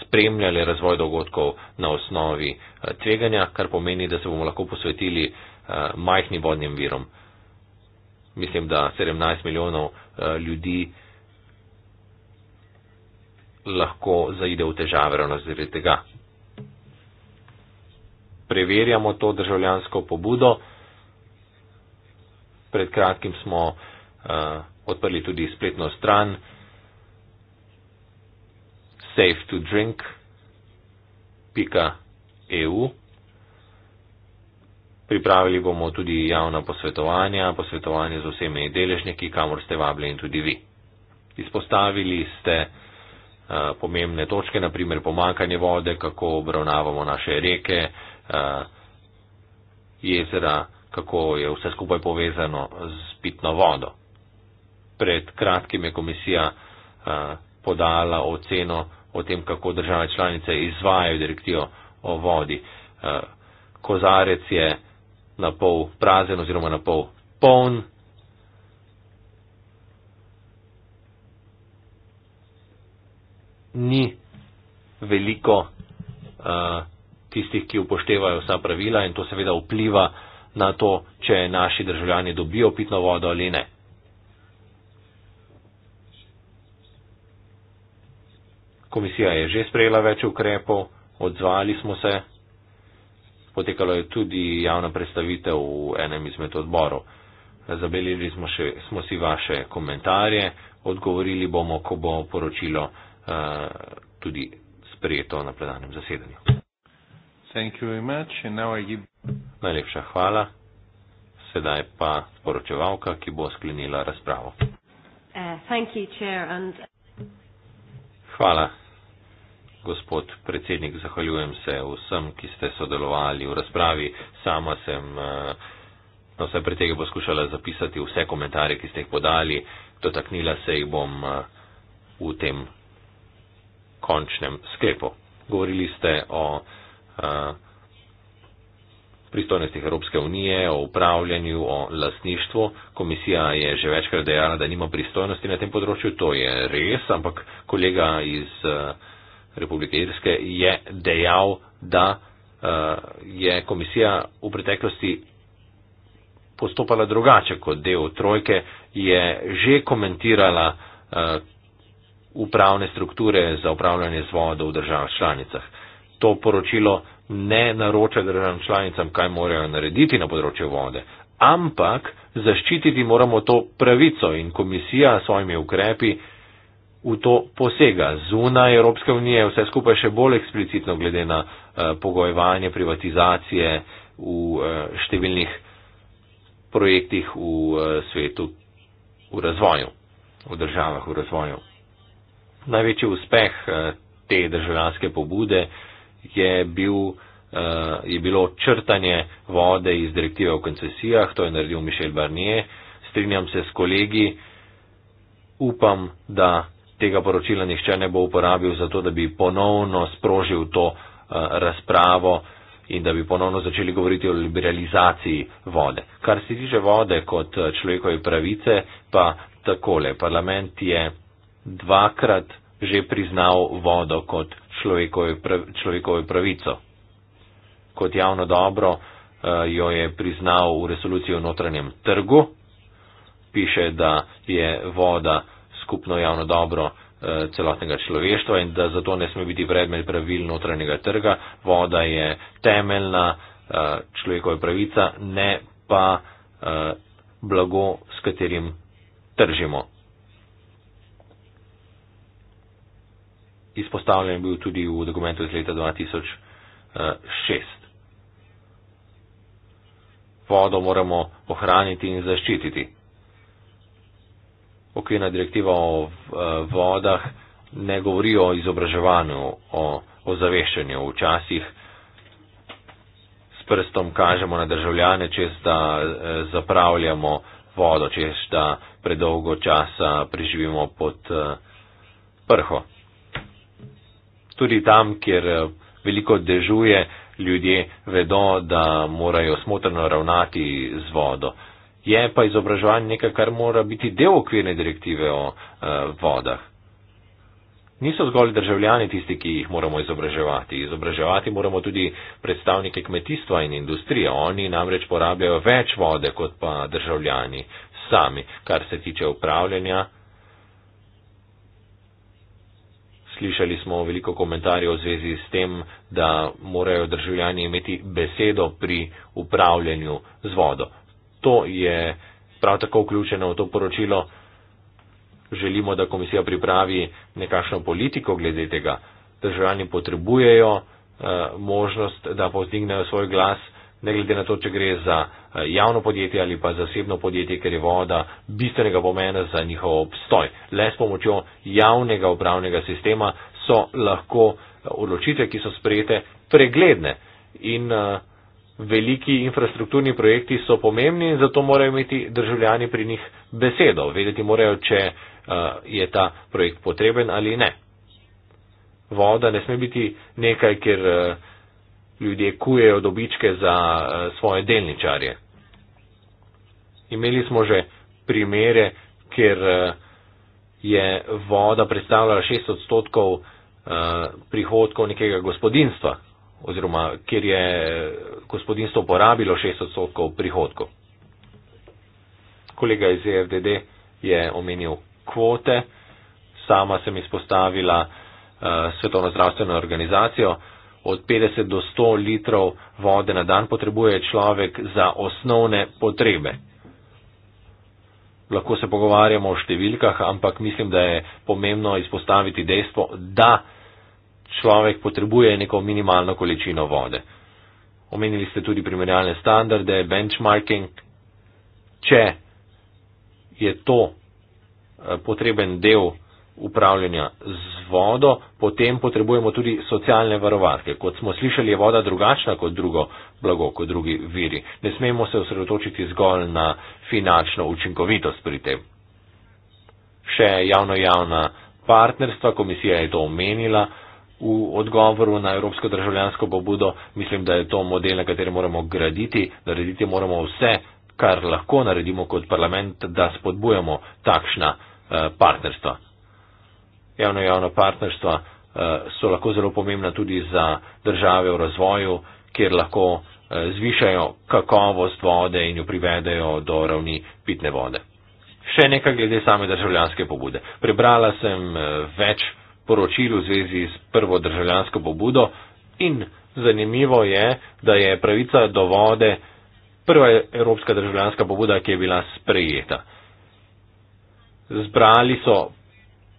Speaker 2: spremljale razvoj dogodkov na osnovi eh, tveganja, kar pomeni, da se bomo lahko posvetili eh, majhnim vodnim virom. Mislim, da 17 milijonov eh, ljudi lahko zaide v težave ravno zaradi tega. Preverjamo to državljansko pobudo. Pred kratkim smo uh, odprli tudi spletno stran, uh, safe to drink.eu. Pripravili bomo tudi javna posvetovanja, posvetovanje z vsemi deležniki, kamor ste vabljeni tudi vi. Izpostavili ste uh, pomembne točke, naprimer pomankanje vode, kako obravnavamo naše reke, uh, jezera, kako je vse skupaj povezano z pitno vodo. Pred kratkim je komisija uh, podala oceno, o tem, kako države članice izvajajo direktivo o vodi. Eh, kozarec je na pol prazen oziroma na pol poln. Ni veliko uh, tistih, ki upoštevajo vsa pravila in to seveda vpliva na to, če naši državljani dobijo pitno vodo ali ne. Komisija je že sprejela več ukrepov, odzvali smo se. Potekalo je tudi javna predstavitev v enem izmed odborov. Zabeležili smo, še, smo si vaše komentarje, odgovorili bomo, ko bo poročilo uh, tudi sprejeto na plenarnem zasedanju. Najlepša hvala. Sedaj pa sporočevalka, ki bo sklenila razpravo.
Speaker 1: Uh, you, chair, and...
Speaker 2: Hvala, Gospod predsednik, zahvaljujem se vsem, ki ste sodelovali v razpravi. Sama sem eh, na vse pretege poskušala zapisati vse komentarje, ki ste jih podali. Dotaknila se jih bom eh, v tem končnem sklepu. Govorili ste o eh, pristojnostih Evropske unije, o upravljanju, o lastništvu. Komisija je že večkrat dejala, da nima pristojnosti na tem področju. To je res, ampak kolega iz. A, Republike Irske, je dejal, da eh, je komisija v preteklosti postopala drugače kot del trojke, je že komentirala eh, upravne strukture za upravljanje z vodo v državah članicah. To poročilo ne naroča državam članicam, kaj morajo narediti na področju vode, ampak zaščititi moramo to pravico in komisija s svojimi ukrepi uh, v to posega. Zunaj Evropske unije je vse skupaj še bolj eksplicitno glede na eh, pogojevanje privatizacije v eh, številnih projektih v eh, svetu, v razvoju, v državah v razvoju. Največji uspeh te državljanske pobude je, bil, je bilo črtanje vode iz direktive o koncesijah, to je naredil Mišel Barnier. Strinjam se s kolegi, upam, da tega poročila nihče ne bo uporabil za to, da bi ponovno sprožil to eh, razpravo in da bi ponovno začeli govoriti o liberalizaciji vode. Kar se tiče vode kot eh, človekove pravice, pa takole. Parlament je dvakrat že priznal vodo kot človekove pravico. Kot javno dobro eh, jo je priznal v resoluciji o notranjem trgu. Piše, da je voda skupno javno dobro eh, celotnega človeštva in da zato ne sme biti predmet pravil notranjega trga. Voda je temeljna eh, človekova pravica, ne pa eh, blago, s katerim tržimo. Izpostavljen je bil tudi v dokumentu iz leta 2006. Vodo moramo ohraniti in zaščititi okvirna direktiva o eh, vodah ne govori o izobraževanju, o, o zaveščanju. Včasih s prstom kažemo na državljane, čez da eh, zapravljamo vodo, čez da predolgo časa preživimo pod eh, prho. Tudi tam, kjer veliko dežuje, ljudje vedo, da morajo smotrno ravnati z vodo je pa izobraževanje nekaj, kar mora biti del okvirne direktive o uh, vodah. Niso zgolj državljani tisti, ki jih moramo izobraževati. Izobraževati moramo tudi predstavnike kmetijstva in industrije. Oni namreč porabljajo več vode kot pa državljani sami, kar se tiče upravljanja. Slišali smo veliko komentarjev v zvezi s tem, da morajo državljani imeti besedo pri upravljanju z vodo to je prav tako vključeno v to poročilo. Želimo, da komisija pripravi nekakšno politiko glede tega. Državljani potrebujejo eh, možnost, da povzdignejo svoj glas, ne glede na to, če gre za eh, javno podjetje ali pa zasebno podjetje, ker je voda bistvenega pomena za njihov obstoj. Le s pomočjo javnega upravnega sistema so lahko eh, odločitve, ki so sprejete, pregledne. In, eh, Veliki infrastrukturni projekti so pomembni in zato morajo imeti državljani pri njih besedo. Vedeti morajo, če eh, je ta projekt potreben ali ne. Voda ne sme biti nekaj, kjer eh, ljudje kujejo dobičke za eh, svoje delničarje. Imeli smo že primere, kjer je voda predstavljala 6 odstotkov prihodkov nekega gospodinstva oziroma kjer je gospodinstvo porabilo 6 odstotkov prihodkov. Kolega iz e RDD je omenil kvote, sama sem izpostavila uh, Svetovno zdravstveno organizacijo. Od 50 do 100 litrov vode na dan potrebuje človek za osnovne potrebe. Lahko se pogovarjamo o številkah, ampak mislim, da je pomembno izpostaviti dejstvo, da človek potrebuje neko minimalno količino vode. Omenili ste tudi primerjalne standarde, benchmarking. Če je to eh, potreben del upravljanja z vodo, potem potrebujemo tudi socialne varovatke. Kot smo slišali, je voda drugačna kot drugo blago, kot drugi viri. Ne smemo se osredotočiti zgolj na finančno učinkovitost pri tem. Še javno-javna partnerstva, komisija je to omenila, v odgovoru na evropsko državljansko pobudo, mislim, da je to model, na katerem moramo graditi, narediti moramo vse, kar lahko naredimo kot parlament, da spodbujamo takšna eh, partnerstva. Javno-javno partnerstva eh, so lahko zelo pomembna tudi za države v razvoju, kjer lahko eh, zvišajo kakovost vode in jo privedejo do ravni pitne vode. Še nekaj glede same državljanske pobude. Prebrala sem eh, več poročil v zvezi s prvo državljansko pobudo in zanimivo je, da je pravica do vode prva evropska državljanska pobuda, ki je bila sprejeta. Zbrali so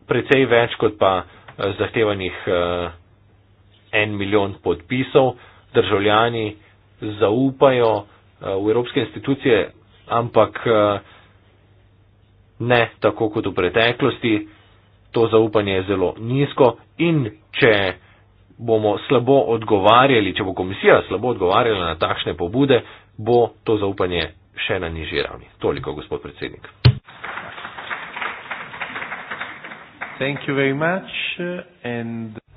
Speaker 2: precej več kot pa eh, zahtevanih eh, en milijon podpisov. Državljani zaupajo eh, v evropske institucije, ampak ne tako kot v preteklosti to zaupanje je zelo nizko in če bomo slabo odgovarjali, če bo komisija slabo odgovarjala na takšne pobude, bo to zaupanje še na nižji ravni. Toliko, gospod predsednik.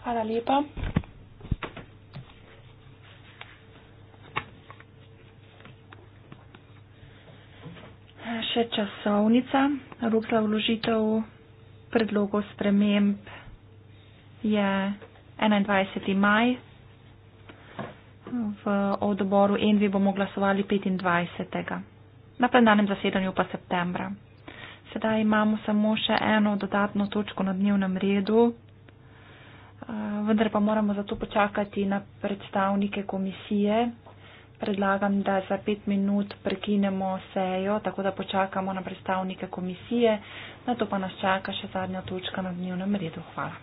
Speaker 1: Hvala lepa. Še časovnica, rok za vložitev predlogov sprememb je 21. maj. V odboru Envi bomo glasovali 25. na plenarnem zasedanju pa septembra. Sedaj imamo samo še eno dodatno točko na dnevnem redu, eh, vendar pa moramo zato počakati na predstavnike komisije predlagam, da za pet minut prekinemo sejo, tako da počakamo na predstavnike komisije, na to pa nas čaka še zadnja točka na dnevnem redu. Hvala.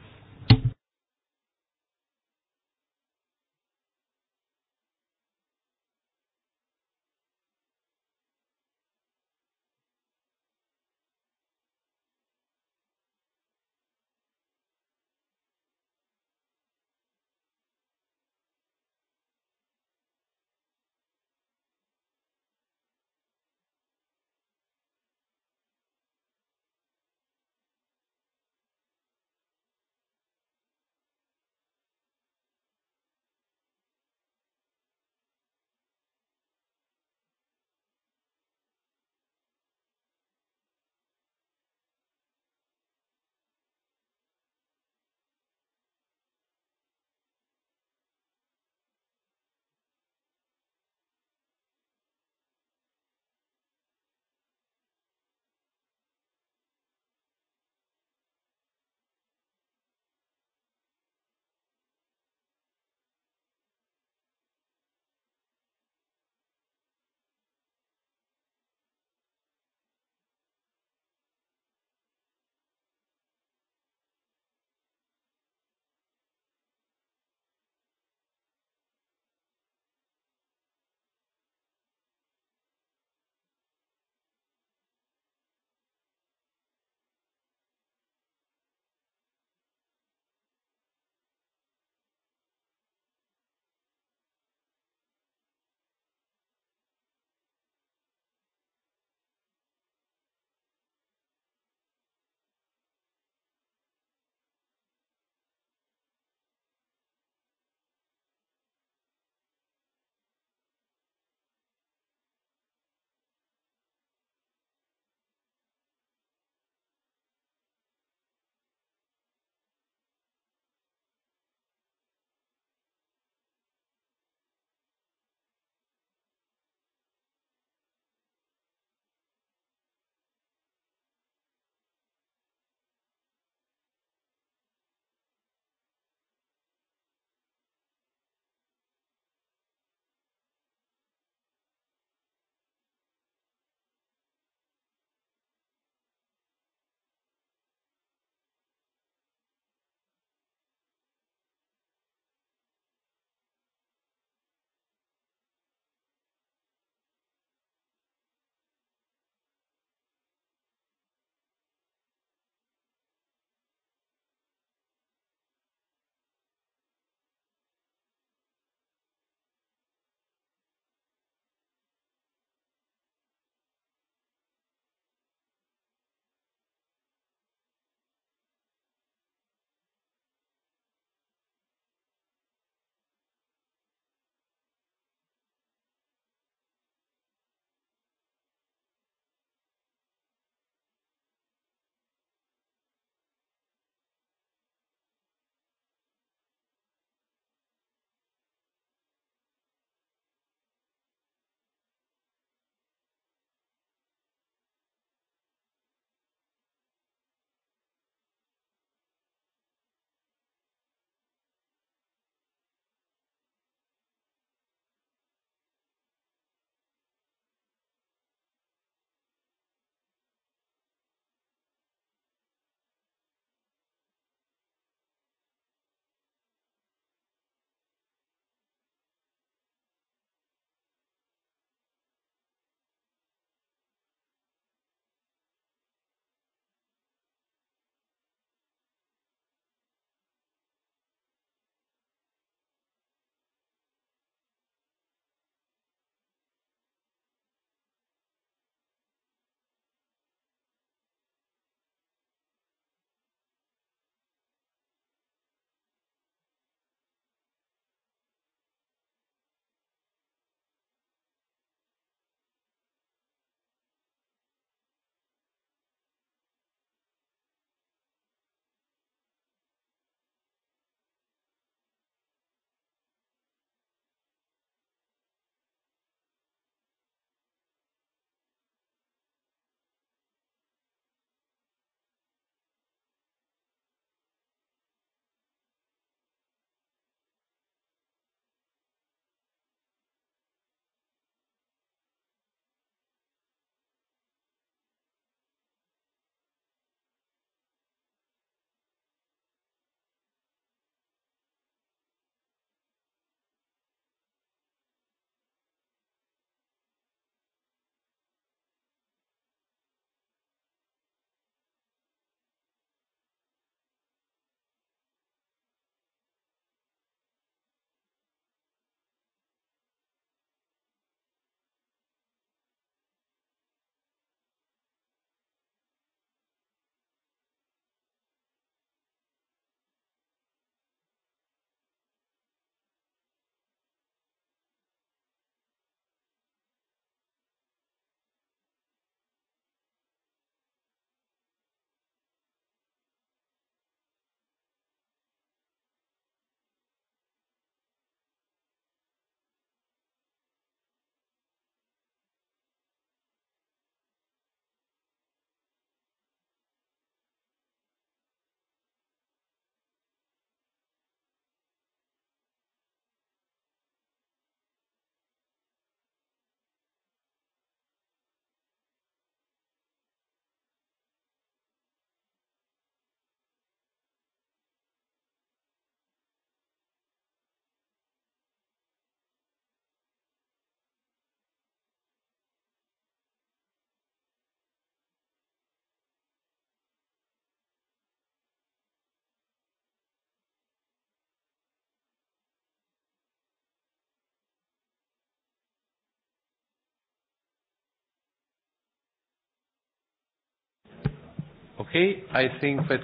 Speaker 2: Okay. I think that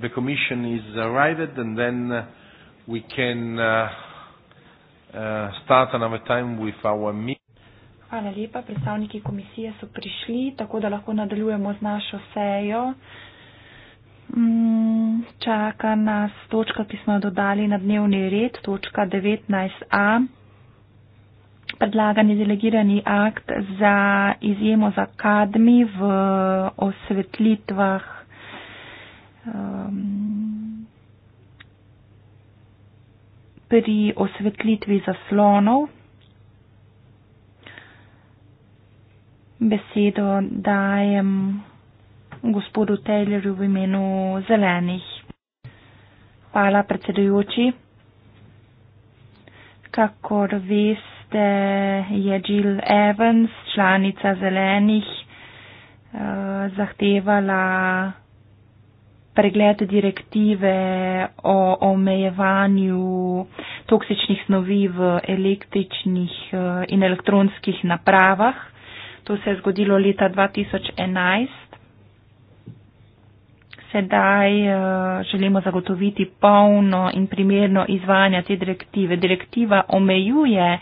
Speaker 2: the commission is arrived, and then uh, we can uh, uh, start another time with our meet-
Speaker 1: Hvala lepa. Predstavniki komisije so prišli, tako da lahko nadaljujemo z našo sejo. Mm, čaka nas točka, ki smo jo dodali na dnevni red, točka 19a predlagani delegirani akt za izjemo za kadmi v osvetlitvah. Um, pri osvetlitvi zaslonov besedo dajem gospodu Taylorju v imenu zelenih. Hvala predsedujoči. Kakor veste, liste je Jill Evans, članica zelenih, eh, zahtevala pregled direktive o omejevanju toksičnih snovi v električnih eh, in elektronskih napravah. To se je zgodilo leta 2011. Sedaj eh, želimo zagotoviti polno in primerno izvajanje te direktive. Direktiva omejuje uh,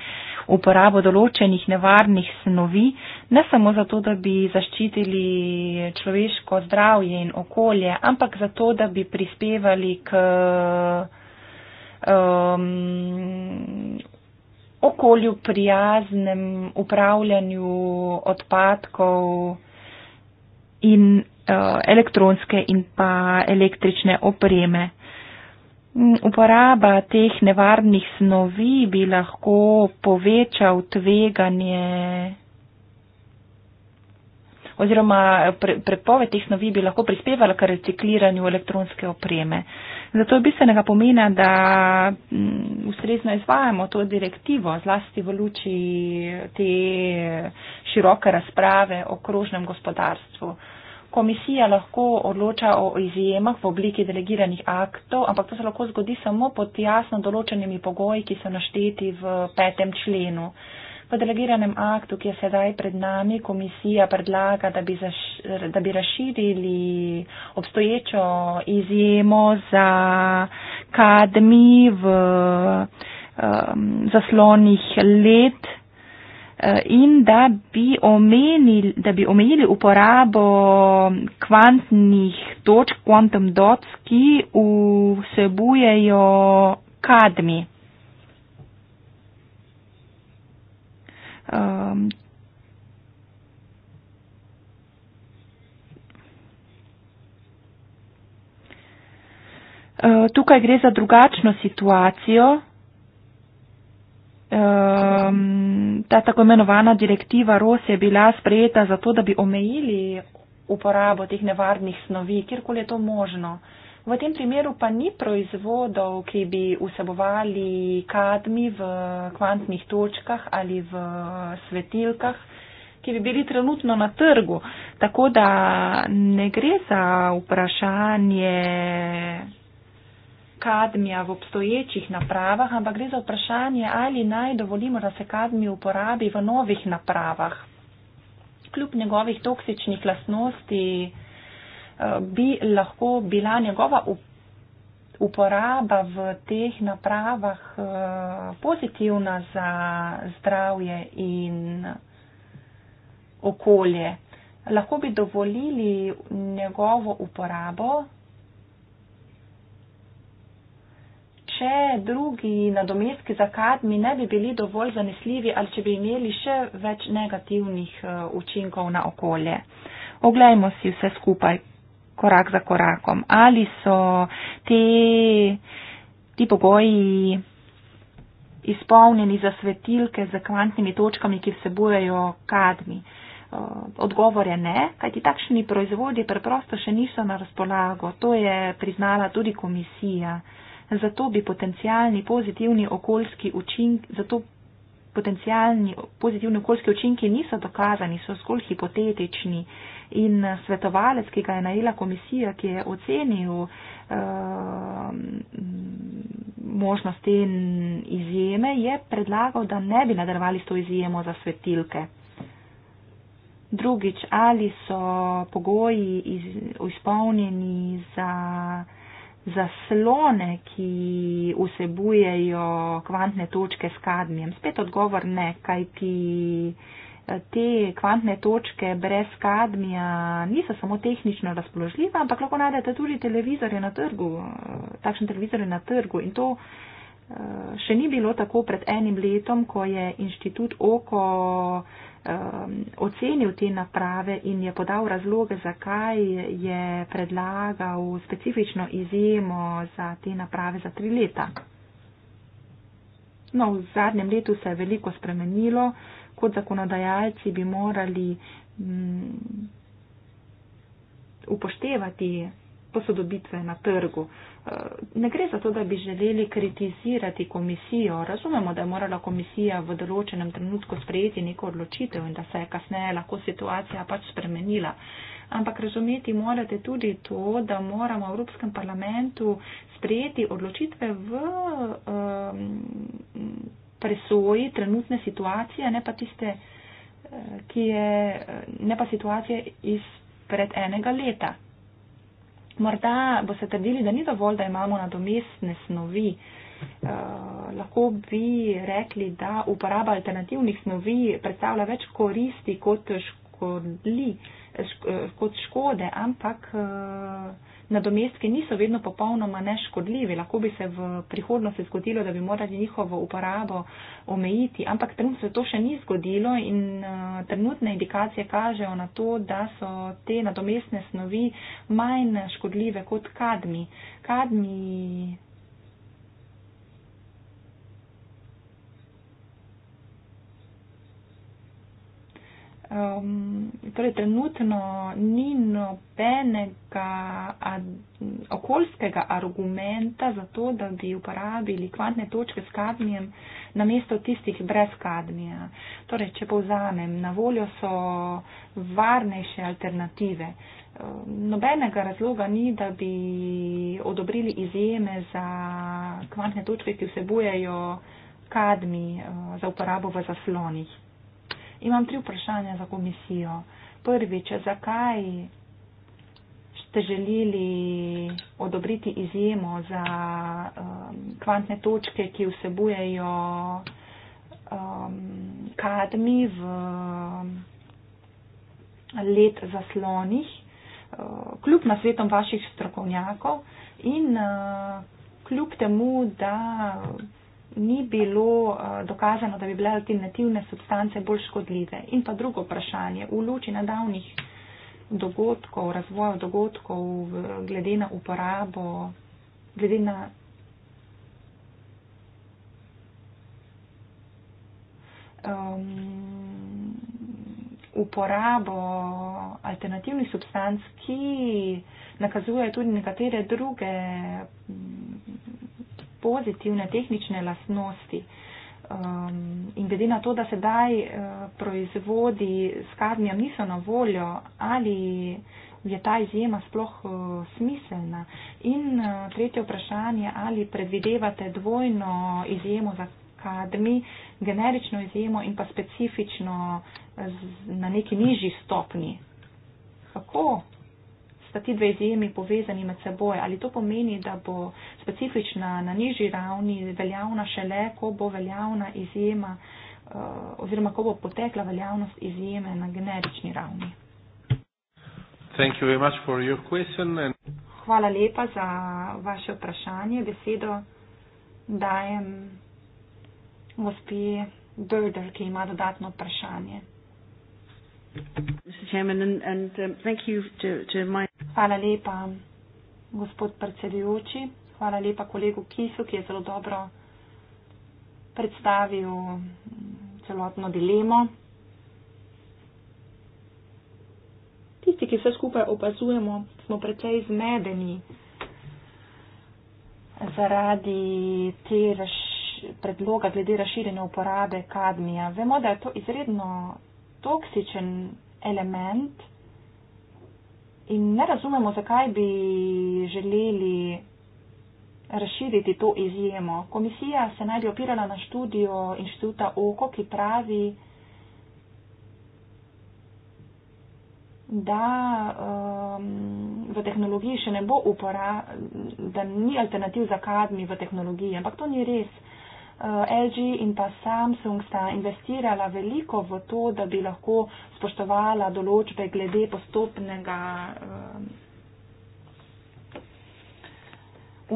Speaker 1: uporabo določenih nevarnih snovi, ne samo zato, da bi zaščitili človeško zdravje in okolje, ampak zato, da bi prispevali k um, okolju prijaznem upravljanju odpadkov in uh, elektronske in pa električne opreme. Mm, uporaba teh nevarnih snovi bi lahko povečal tveganje oziroma prepoved teh snovi bi lahko prispevala k recikliranju elektronske opreme. Zato je bistvenega pomena, da mm, ustrezno izvajamo to direktivo, zlasti v luči te široke razprave o krožnem gospodarstvu. Komisija lahko odloča o izjemah v obliki delegiranih aktov, ampak to se lahko zgodi samo pod jasno določenimi pogoji, ki so našteti v petem členu. V delegiranem aktu, ki je sedaj pred nami, komisija predlaga, da bi, zaš, da bi razširili obstoječo izjemo za kadmi v um, zaslonih let Eh, in da bi, omenil, da bi omenili uporabo kvantnih točk, quantum dots, ki vsebujejo kadmi. Um, Tukaj gre za drugačno situacijo, Ehm, ta tako imenovana direktiva ROS je bila sprejeta zato, da bi omejili uporabo teh nevarnih snovi, kjerkoli je to možno. V tem primeru pa ni proizvodov, ki bi vsebovali kadmi v kvantnih točkah ali v svetilkah, ki bi bili trenutno na trgu. Tako da ne gre za vprašanje kadmija v obstoječih napravah, ampak gre za vprašanje, ali naj dovolimo, da se kadmij uporabi v novih napravah. Kljub njegovih toksičnih lastnosti eh, bi lahko bila njegova uporaba v teh napravah eh, pozitivna za zdravje in okolje. Lahko bi dovolili njegovo uporabo, še drugi nadomestki za kadmi ne bi bili dovolj zanesljivi ali če bi imeli še več negativnih eh, učinkov na okolje. Oglejmo si vse skupaj korak za korakom. Ali so te, ti pogoji izpolnjeni za svetilke z kvantnimi točkami, ki vsebujejo kadmi? Eh, odgovor je ne, kajti takšni proizvodi preprosto še niso na razpolago. To je priznala tudi komisija zato bi potencijalni pozitivni okoljski učinki, zato potencijalni pozitivni okoljski učinki niso dokazani, so zgolj hipotetični. In eh, svetovalec, ki ga je najela komisija, ki je ocenil uh, možnost te izjeme, je predlagal, da ne bi nadaljevali s to izjemo za svetilke. Drugič, ali so pogoji iz, izpolnjeni za zaslone, ki vsebujejo kvantne točke s kadmijem? Spet odgovor ne, kaj ti eh, te kvantne točke brez kadmija niso samo tehnično razpoložljive, ampak lahko najdete tudi televizorje na trgu, eh, takšne televizorje na trgu. In to eh, še ni bilo tako pred enim letom, ko je inštitut oko um, ocenil te naprave in je podal razloge, zakaj je predlagal specifično izjemo za te naprave za tri leta. No, v zadnjem letu se je veliko spremenilo, kot zakonodajalci bi morali um, upoštevati posodobitve na trgu. Eh, ne gre za to, da bi želeli kritizirati komisijo. Razumemo, da je morala komisija v določenem trenutku sprejeti neko odločitev in da se je kasneje lahko situacija pač spremenila. Ampak razumeti morate tudi to, da moramo v Evropskem parlamentu sprejeti odločitve v um, presoji trenutne situacije, ne pa tiste, eh, ki je, eh, ne pa situacije iz pred enega leta. Morda boste trdili, da ni dovolj, da imamo nadomestne snovi. Eh, lahko bi rekli, da uporaba alternativnih snovi predstavlja več koristi kot, škodli, šk eh, kot škode, ampak. Eh, nadomestki niso vedno popolnoma neškodljivi, lahko bi se v prihodnosti zgodilo, da bi morali njihovo uporabo omejiti, ampak trenutno se to še ni zgodilo in eh, trenutne indikacije kažejo na to, da so te nadomestne snovi manj škodljive kot kadmi. Kadmi um, torej trenutno ni nobenega ad, okoljskega argumenta za to, da bi uporabili kvantne točke s kadmijem na mesto tistih brez kadmija. Torej, če povzamem, na voljo so varnejše alternative. Nobenega razloga ni, da bi odobrili izjeme za kvantne točke, ki vsebujejo kadmi eh, za uporabo v zaslonih. Imam tri vprašanja za komisijo. Prvič, zakaj ste želeli odobriti izjemo za um, kvantne točke, ki vsebujejo um, kadmi v um, let zaslonih, uh, kljub nasvetom vaših strokovnjakov in uh, kljub temu, da. Uh, ni bilo eh, dokazano, da bi bile alternativne substance bolj škodljive. In pa drugo vprašanje, v luči nadaljnih dogodkov, razvoja dogodkov, glede na uporabo, glede na. Um, uporabo alternativnih substanc, ki nakazujejo tudi nekatere druge pozitivne tehnične lastnosti. Um, in glede na to, da sedaj uh, proizvodi s kadnjem niso na voljo, ali je ta izjema sploh uh, smiselna. In uh, tretje vprašanje, ali predvidevate dvojno izjemo za kadmi, generično izjemo in pa specifično z, na neki nižji stopni. Kako sta ti dve izjemi povezani med seboj. Ali to pomeni, da bo specifična na nižji ravni veljavna šele, ko bo veljavna izjema eh, oziroma ko bo potekla veljavnost izjeme na generični ravni? Hvala lepa za vaše vprašanje. Besedo dajem gospe Bölder, ki ima dodatno vprašanje. Um, Hvala lepa, gospod predsedujoči. Hvala lepa kolegu Kisu, ki je zelo dobro predstavil mm, celotno dilemo. Tisti, ki vse skupaj opazujemo, smo precej zmedeni zaradi te raš predloga glede raširjene uporabe kadmija. Vemo, da je to izredno toksičen element in ne razumemo, zakaj bi želeli razširiti to izjemo. Komisija se naj bi opirala na študijo inštituta Oko, ki pravi, da um, v tehnologiji še ne bo upora, da ni alternativ za kadmi v tehnologiji, ampak to ni res. Eh, LG in pa Samsung sta investirala veliko v to, da bi lahko spoštovala določbe glede postopnega eh,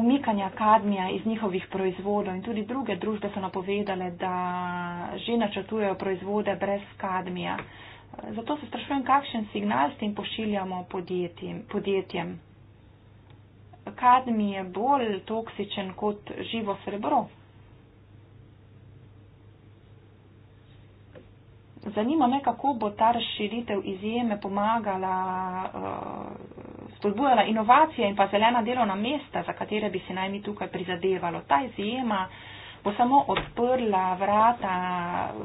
Speaker 1: umikanja kadmija iz njihovih proizvodov in tudi druge družbe so napovedale, da že načrtujejo proizvode brez kadmija. Eh, zato se sprašujem, kakšen signal s tem pošiljamo podjetjem. podjetjem. Kadmi je bolj toksičen kot živo srebro. Zanima me, kako bo ta razširitev izjeme pomagala, eh, spodbujala inovacije in pa zelena delovna mesta, za katere bi se naj mi tukaj prizadevalo. Ta izjema bo samo odprla vrata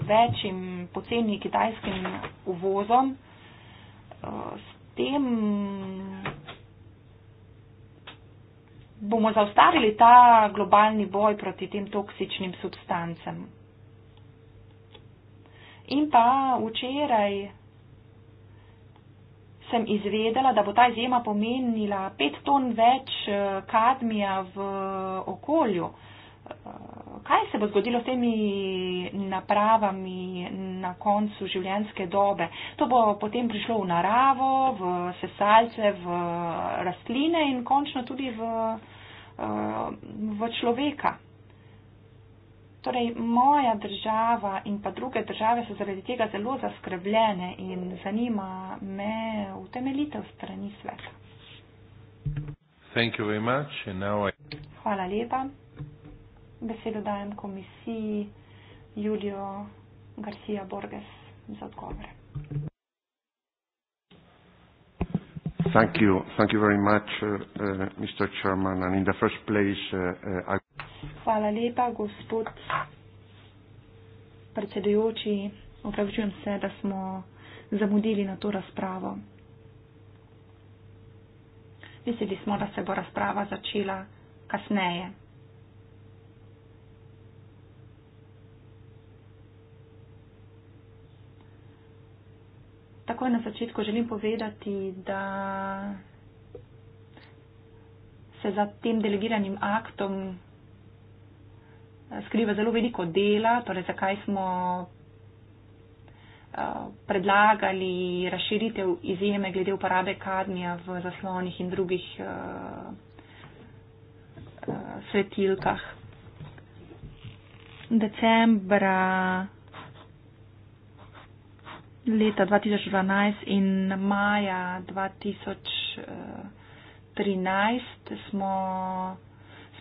Speaker 1: večjim poceni kitajskim uvozom. Eh, s tem bomo zaustavili ta globalni boj proti tem toksičnim substancem. In pa včeraj sem izvedela, da bo ta izjema pomenila pet ton več eh, kadmija v eh, okolju. Eh, kaj se bo zgodilo s temi napravami na koncu življenjske dobe? To bo potem prišlo v naravo, v sesalce, v rastline in končno tudi v, v človeka. Torej, moja država in pa druge države so zaradi tega zelo zaskrbljene in zanima me utemeljitev strani sveta. Hvala lepa. Besedo dajem komisiji Julio Garcia Borges za odgovore.
Speaker 3: Thank you. Thank you very much, uh, uh, Mr. Chairman. And in the first place, uh, uh,
Speaker 1: I Hvala lepa, gospod predsedujoči. Opravičujem se, da smo zamudili na to razpravo. Mislili smo, da se bo razprava začela kasneje. Takoj na začetku želim povedati, da se za tem delegiranim aktom skriva zelo veliko dela, torej zakaj smo eh, predlagali razširitev izjeme glede uporabe kadnija v zaslonih in drugih eh, eh, svetilkah. Decembra leta 2012 in maja 2013 smo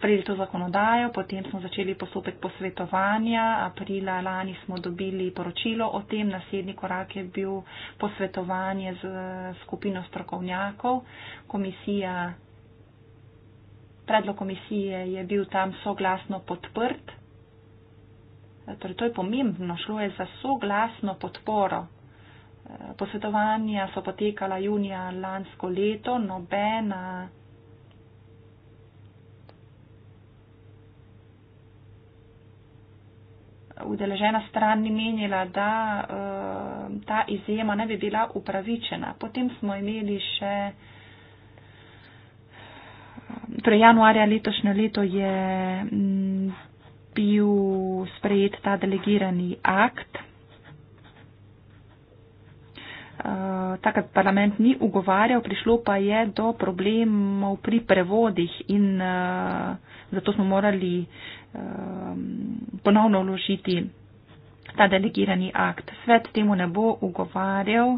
Speaker 1: sprejeli to zakonodajo, potem smo začeli postopek posvetovanja. Aprila lani smo dobili poročilo o tem, naslednji korak je bil posvetovanje z skupino strokovnjakov. Komisija, predlog komisije je bil tam soglasno podprt. Torej, to je pomembno, šlo je za soglasno podporo. Posvetovanja so potekala junija lansko leto, nobena. udeležena stran ni menila, da uh, ta izjema ne bi bila upravičena. Potem smo imeli še. Eh, torej, januarja letošnjo leto je mm, bil sprejet ta delegirani akt. Eh, Takrat parlament ni ugovarjal, prišlo pa je do problemov pri prevodih in zato smo morali Um, ponovno vložiti ta delegirani akt. Svet temu ne bo ugovarjal,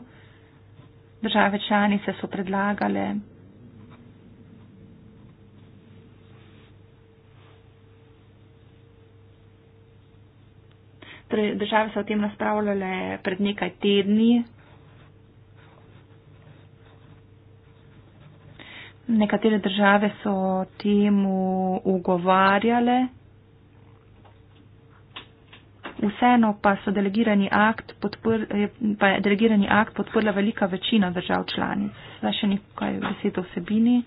Speaker 1: države članice so predlagale. Torej države so o tem razpravljale pred nekaj tedni. Nekatere države so temu ugovarjale vseeno pa so delegirani akt, podpr, pa je delegirani akt podprla velika večina držav članic. Zdaj še nekaj besed o vsebini.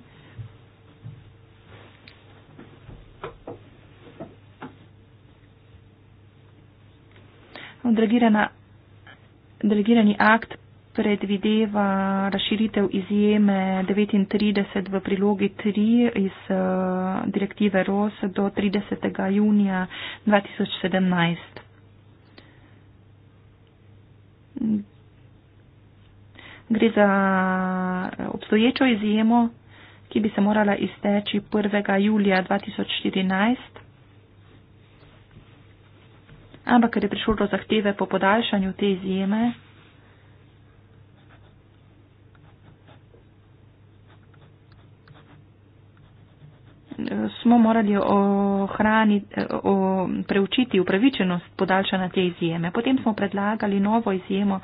Speaker 1: Delegirani akt predvideva razširitev izjeme 39 v prilogi 3 iz eh, direktive ROS do 30. junija 2017. Gre za eh, obstoječo izjemo, ki bi se morala izteči 1. julija 2014, ampak ker je prišlo do zahteve po podaljšanju te izjeme, smo morali ohraniti, preučiti upravičenost podaljšanja te izjeme. Potem smo predlagali novo izjemo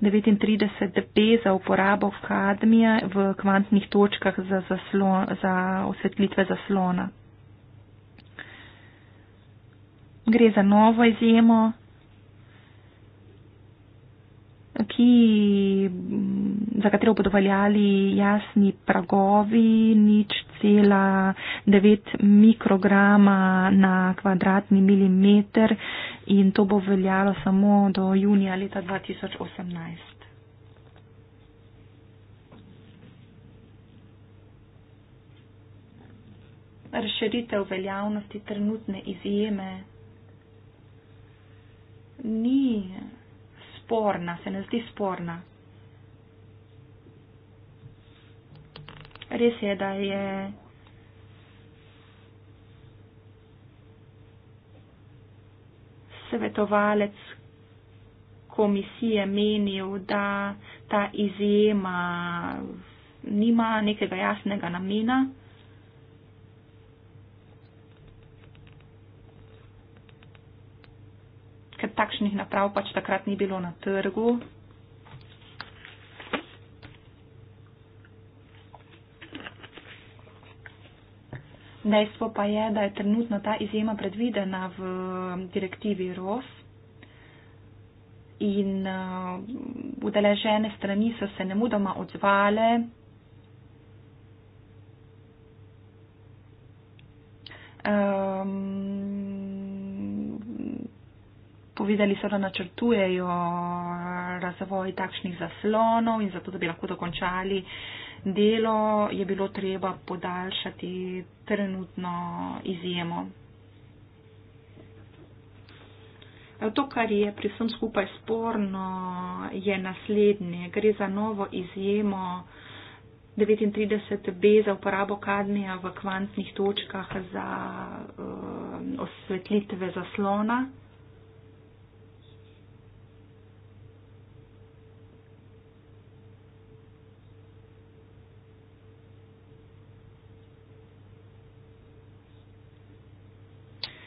Speaker 1: 39b za uporabo kadmija v kvantnih točkah za, zaslon, za osvetlitve zaslona. Gre za novo izjemo, ki za katero bodo veljali jasni pragovi, nič cela 9 mikrograma na kvadratni milimeter in to bo veljalo samo do junija leta 2018. Razširitev veljavnosti trenutne izjeme ni sporna, se ne zdi sporna. Res je, da je svetovalec komisije menil, da ta izjema nima nekega jasnega namena. Ker takšnih naprav pač takrat ni bilo na trgu. Dejstvo pa je, da je trenutno ta izjema predvidena v um, direktivi ROS in uh, udeležene strani so se nemudoma odzvale. Um, povedali so, da načrtujejo razvoj takšnih zaslonov in zato, da bi lahko dokončali uh, delo je bilo treba podaljšati trenutno izjemo. To, kar je pri vsem skupaj sporno, je naslednje. Gre za novo izjemo 39b za uporabo kadnija v kvantnih točkah za uh, osvetlitve zaslona.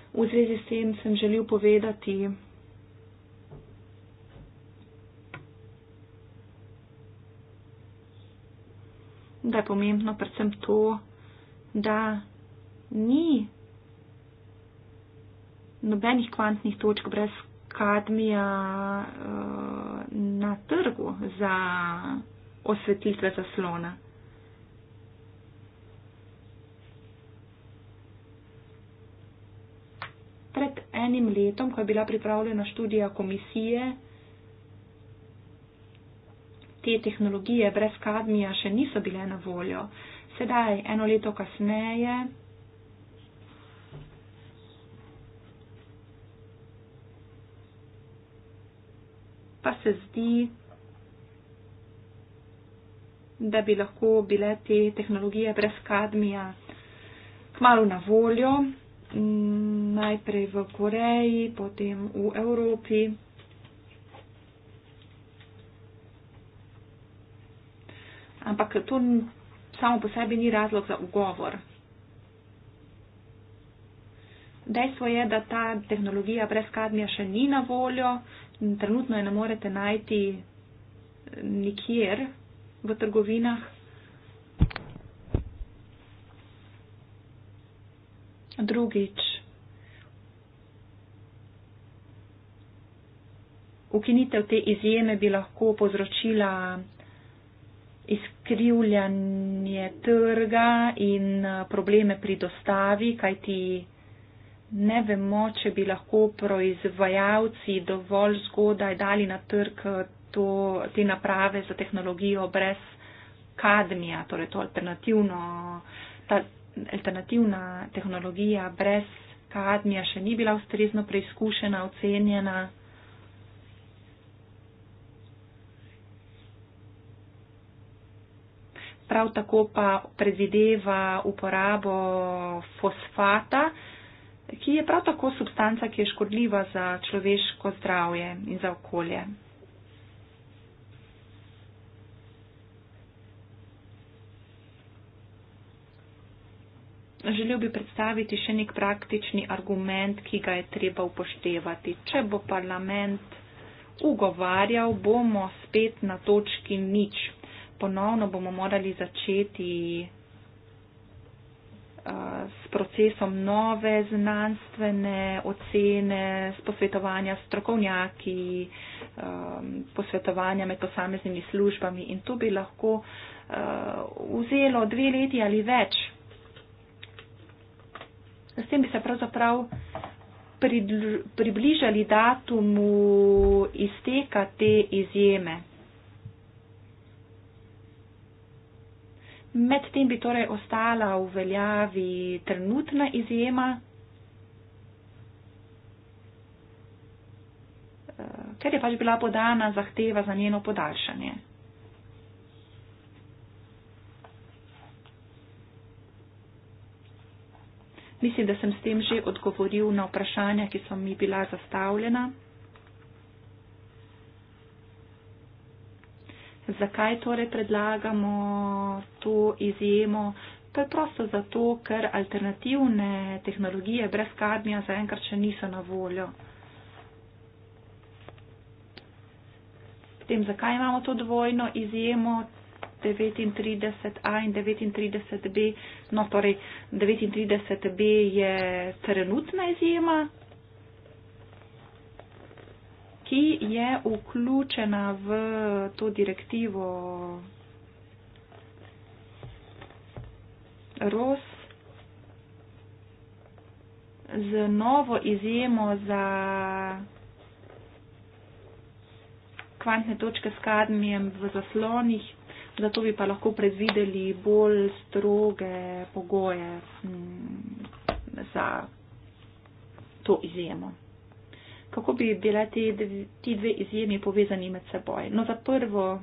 Speaker 1: v zvezi s tem sem želel povedati. Da je pomembno predvsem to, da ni nobenih kvantnih točk brez kadmija eh, na trgu za osvetlitve zaslona. pred enim letom, ko je bila pripravljena študija komisije, te tehnologije brez kadmija še niso bile na voljo. Sedaj, eno leto kasneje, pa se zdi, da bi lahko bile te tehnologije brez kadmija kmalo na voljo najprej v Koreji, potem v Evropi. Ampak to samo po sebi ni razlog za ugovor. Dejstvo je, da ta tehnologija brez kadmija še ni na voljo, trenutno je ne morete najti nikjer v trgovinah. Drugič, ukinitev te izjeme bi lahko povzročila izkrivljanje trga in eh, probleme pri dostavi, kajti ne vemo, če bi lahko proizvajalci dovolj zgodaj dali na trg eh, to, te naprave za tehnologijo brez kadmija, torej to alternativno, ta, alternativna tehnologija brez kadmija še ni bila ustrezno preizkušena, ocenjena. Prav tako pa predvideva uporabo fosfata, ki je prav tako substanca, ki je škodljiva za človeško zdravje in za okolje. Želel bi predstaviti še nek praktični argument, ki ga je treba upoštevati. Če bo parlament ugovarjal, bomo spet na točki nič. Ponovno bomo morali začeti eh, s procesom nove znanstvene ocene, s posvetovanja strokovnjaki, eh, posvetovanja med posameznimi službami in to bi lahko eh, vzelo dve leti ali več. S tem bi se pravzaprav približali datumu izteka te izjeme. Medtem bi torej ostala v veljavi trenutna izjema, eh, ker je pač bila podana zahteva za njeno podaljšanje. Mislim, da sem s tem že odgovoril na vprašanja, ki so mi bila zastavljena. Zakaj torej predlagamo to izjemo? Preprosto zato, ker alternativne tehnologije brez kadmija zaenkrat še niso na voljo. Tem, zakaj imamo to dvojno izjemo, 39a in 39b. No, torej 39b je trenutna izjema, ki je vključena v to direktivo ROS. Z novo izjemo za kvantne točke s kadmijem v zaslonih zato bi pa lahko predvideli bolj stroge pogoje mm, za to izjemo. Kako bi bile te, ti dve izjemi povezani med seboj? No, za prvo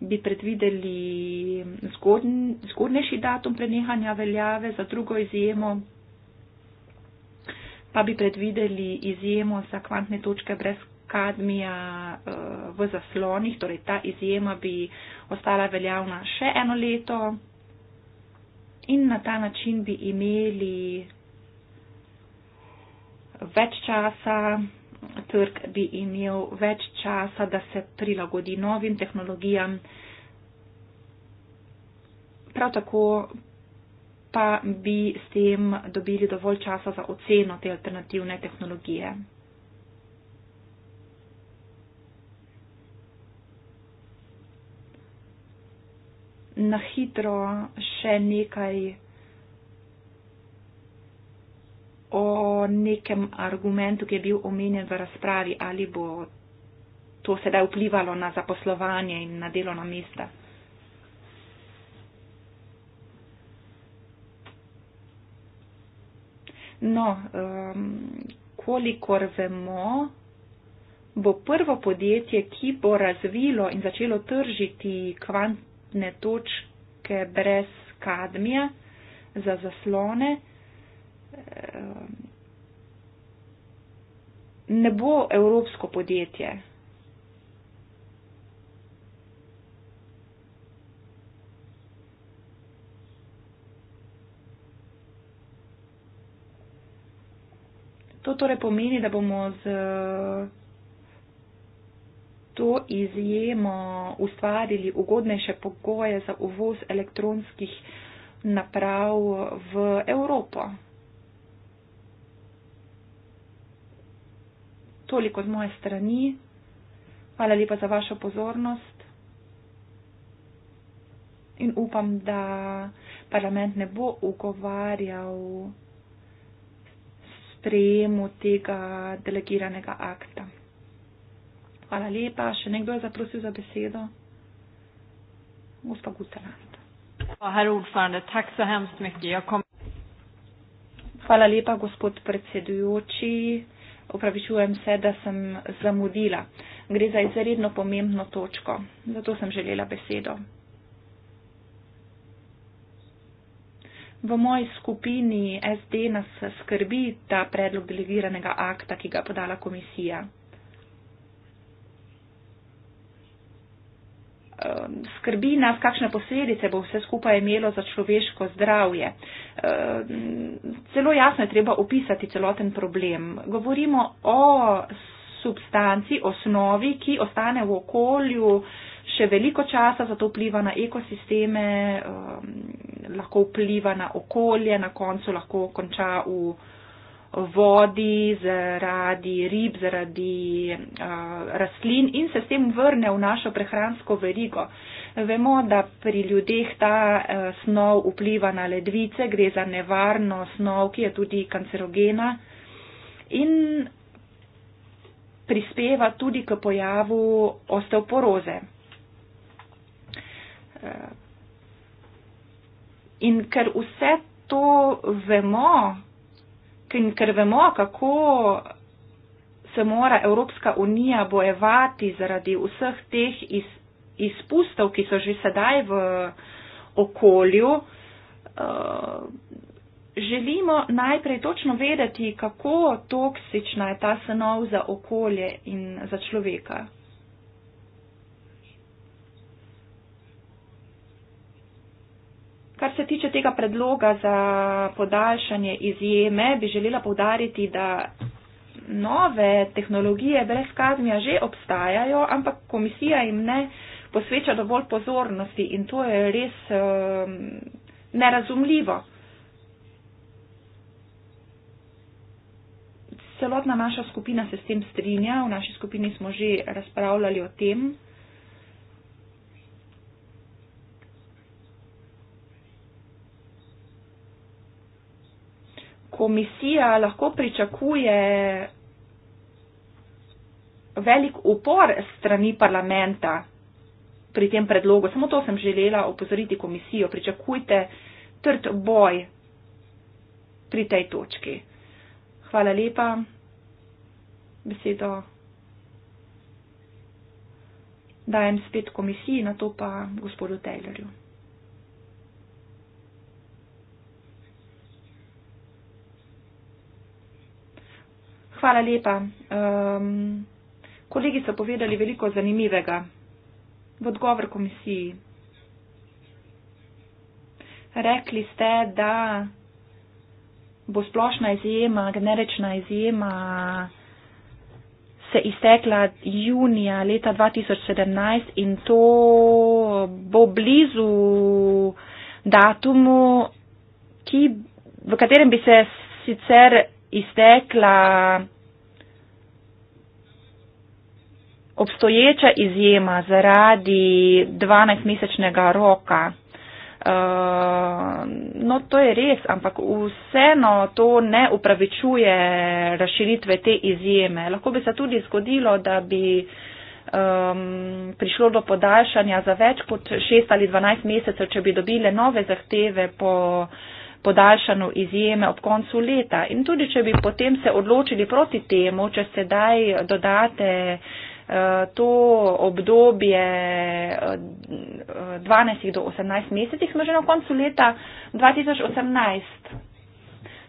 Speaker 1: bi predvideli zgodn, zgodnejši datum prenehanja veljave, za drugo izjemo pa bi predvideli izjemo za kvantne točke brez kadmija eh, v zaslonih, torej ta izjema bi ostala veljavna še eno leto in na ta način bi imeli več časa, trg bi imel več časa, da se prilagodi novim tehnologijam. Prav tako pa bi s tem dobili dovolj časa za oceno te alternativne tehnologije. na hitro še nekaj o nekem argumentu, ki je bil omenjen v razpravi, ali bo to sedaj vplivalo na zaposlovanje in na delovna mesta. No, um, kolikor vemo, bo prvo podjetje, ki bo razvilo in začelo tržiti kvant, dodatne točke brez kadmija za zaslone. Ehm, ne bo evropsko podjetje. To torej pomeni, da bomo z zato izjemo ustvarili ugodnejše pogoje za uvoz elektronskih naprav v Evropo. Toliko z moje strani. Hvala lepa za vašo pozornost. In upam, da parlament ne bo ugovarjal sprejemu tega delegiranega akta. Hvala lepa. Še nekdo je zaprosil za besedo? Gospa Gutenland. Ja, ja, Hvala lepa, gospod predsedujoči. Opravičujem se, da sem zamudila. Gre za izredno pomembno točko. Zato sem želela besedo. V moji skupini SD nas skrbi ta predlog delegiranega akta, ki ga podala komisija. Um, skrbi nas, kakšne posledice bo vse skupaj imelo za človeško zdravje. Celo um, jasno je treba opisati celoten problem. Govorimo o substanci, osnovi, ki ostane v okolju še veliko časa, zato vpliva na ekosisteme, um, lahko vpliva na okolje, na koncu lahko konča v okolju vodi, zaradi rib, zaradi uh, rastlin in se s tem vrne v našo prehransko verigo. Vemo, da pri ljudeh ta uh, snov vpliva na ledvice, gre za nevarno snov, ki je tudi kancerogena in prispeva tudi k pojavu osteoporoze. Uh, in ker vse to vemo, ker vemo, kako se mora Evropska unija bojevati zaradi vseh teh iz, izpustov, ki so že sedaj v okolju, eh, želimo najprej točno vedeti, kako toksična je ta senov za okolje in za človeka. Kar se tiče tega predloga za podaljšanje izjeme, bi želela povdariti, da nove tehnologije brez kaznja že obstajajo, ampak komisija jim ne posveča dovolj pozornosti in to je res um, nerazumljivo. Celotna naša skupina se s tem strinja, v naši skupini smo že razpravljali o tem. komisija lahko pričakuje velik upor strani parlamenta pri tem predlogu. Samo to sem želela opozoriti komisijo. Pričakujte trd boj pri tej točki. Hvala lepa. Besedo dajem spet komisiji, na to pa gospodu Taylorju. Hvala lepa. Um, kolegi so povedali veliko zanimivega v odgovor komisiji. Rekli ste, da bo splošna izjema, generična izjema se iztekla junija leta 2017 in to bo blizu datumu, ki, v katerem bi se sicer iztekla obstoječa izjema zaradi 12-mesečnega roka. Eh, no, to je res, ampak vseeno to ne upravičuje razširitve te izjeme. Lahko bi se tudi zgodilo, da bi um, prišlo do podaljšanja za več kot 6 ali 12 mesecev, če bi dobile nove zahteve po uh, podaljšanju izjeme ob koncu leta. In tudi, če bi potem se odločili proti temu, če sedaj dodate eh, to obdobje 12 eh, do 18 mesecih, smo že na koncu leta 2018.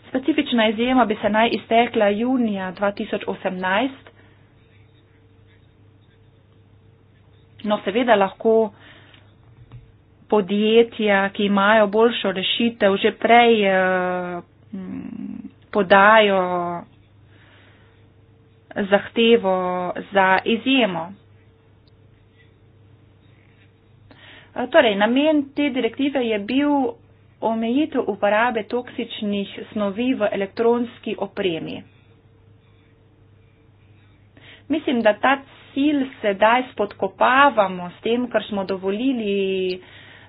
Speaker 1: Specifična izjema bi se naj iztekla junija 2018. No, seveda lahko podjetja, ki imajo boljšo rešitev, že prej eh, podajo zahtevo za izjemo. Eh, torej, namen te direktive je bil omejitev uporabe toksičnih snovi v elektronski opremi. Mislim, da ta cilj sedaj spodkopavamo s tem, kar smo dovolili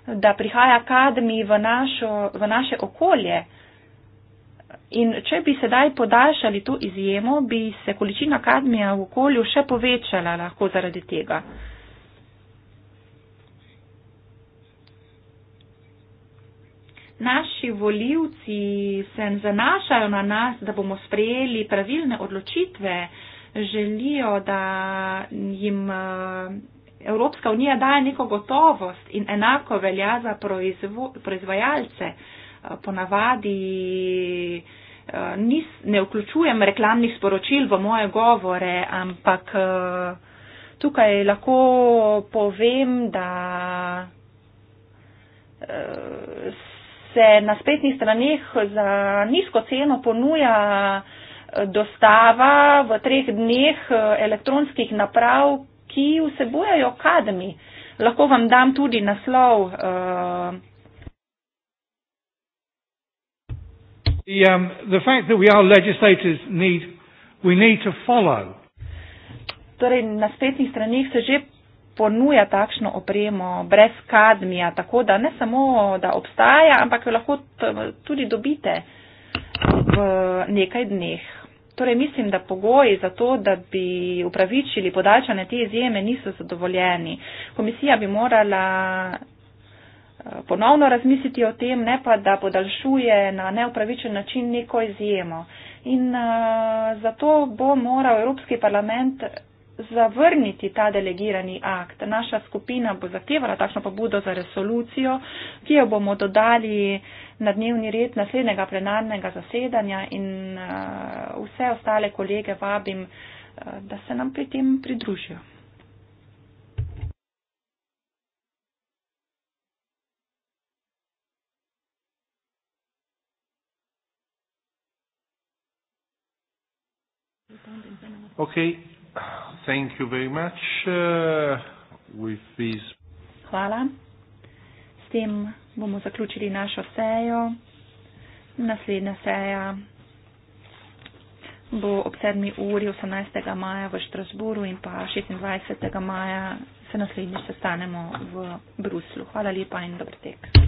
Speaker 1: da prihaja kadmi v, našo, v naše okolje. In če bi sedaj podaljšali to izjemo, bi se količina kadmija v okolju še povečala lahko zaradi tega. Naši voljivci se zanašajo na nas, da bomo sprejeli pravilne odločitve, želijo, da jim. Uh, Evropska unija daje neko gotovost in enako velja za proizvo, proizvajalce. Eh, ponavadi eh, nis, ne vključujem reklamnih sporočil v moje govore, ampak eh, tukaj lahko povem, da se na spletnih straneh za nizko ceno ponuja dostava v treh dneh elektronskih naprav, ki vsebujejo kadmi. Lahko vam dam tudi naslov. Eh, um, torej, na spletnih stranih se že ponuja takšno opremo brez kadmija, tako da ne samo, da obstaja, ampak jo lahko tudi dobite v nekaj dneh. Torej mislim, da pogoji za to, da bi upravičili podaljšanje te izjeme, niso zadovoljeni. Komisija bi morala eh, ponovno razmisliti o tem, ne pa da podaljšuje na neupravičen način neko izjemo. In uh, zato bo moral Evropski parlament zavrniti ta delegirani akt. Naša skupina bo zahtevala takšno pobudo za resolucijo, ki jo bomo dodali na dnevni red naslednjega plenarnega zasedanja in eh, vse ostale kolege vabim, eh, da se nam pri tem pridružijo. Okay. Thank
Speaker 3: you very much. Uh, with this.
Speaker 1: Hvala. S tem bomo zaključili našo sejo. Naslednja seja bo ob 7. uri 18. maja v Štrasburu in pa 26. maja se naslednjič sestanemo v Bruslu. Hvala lepa in dober tek.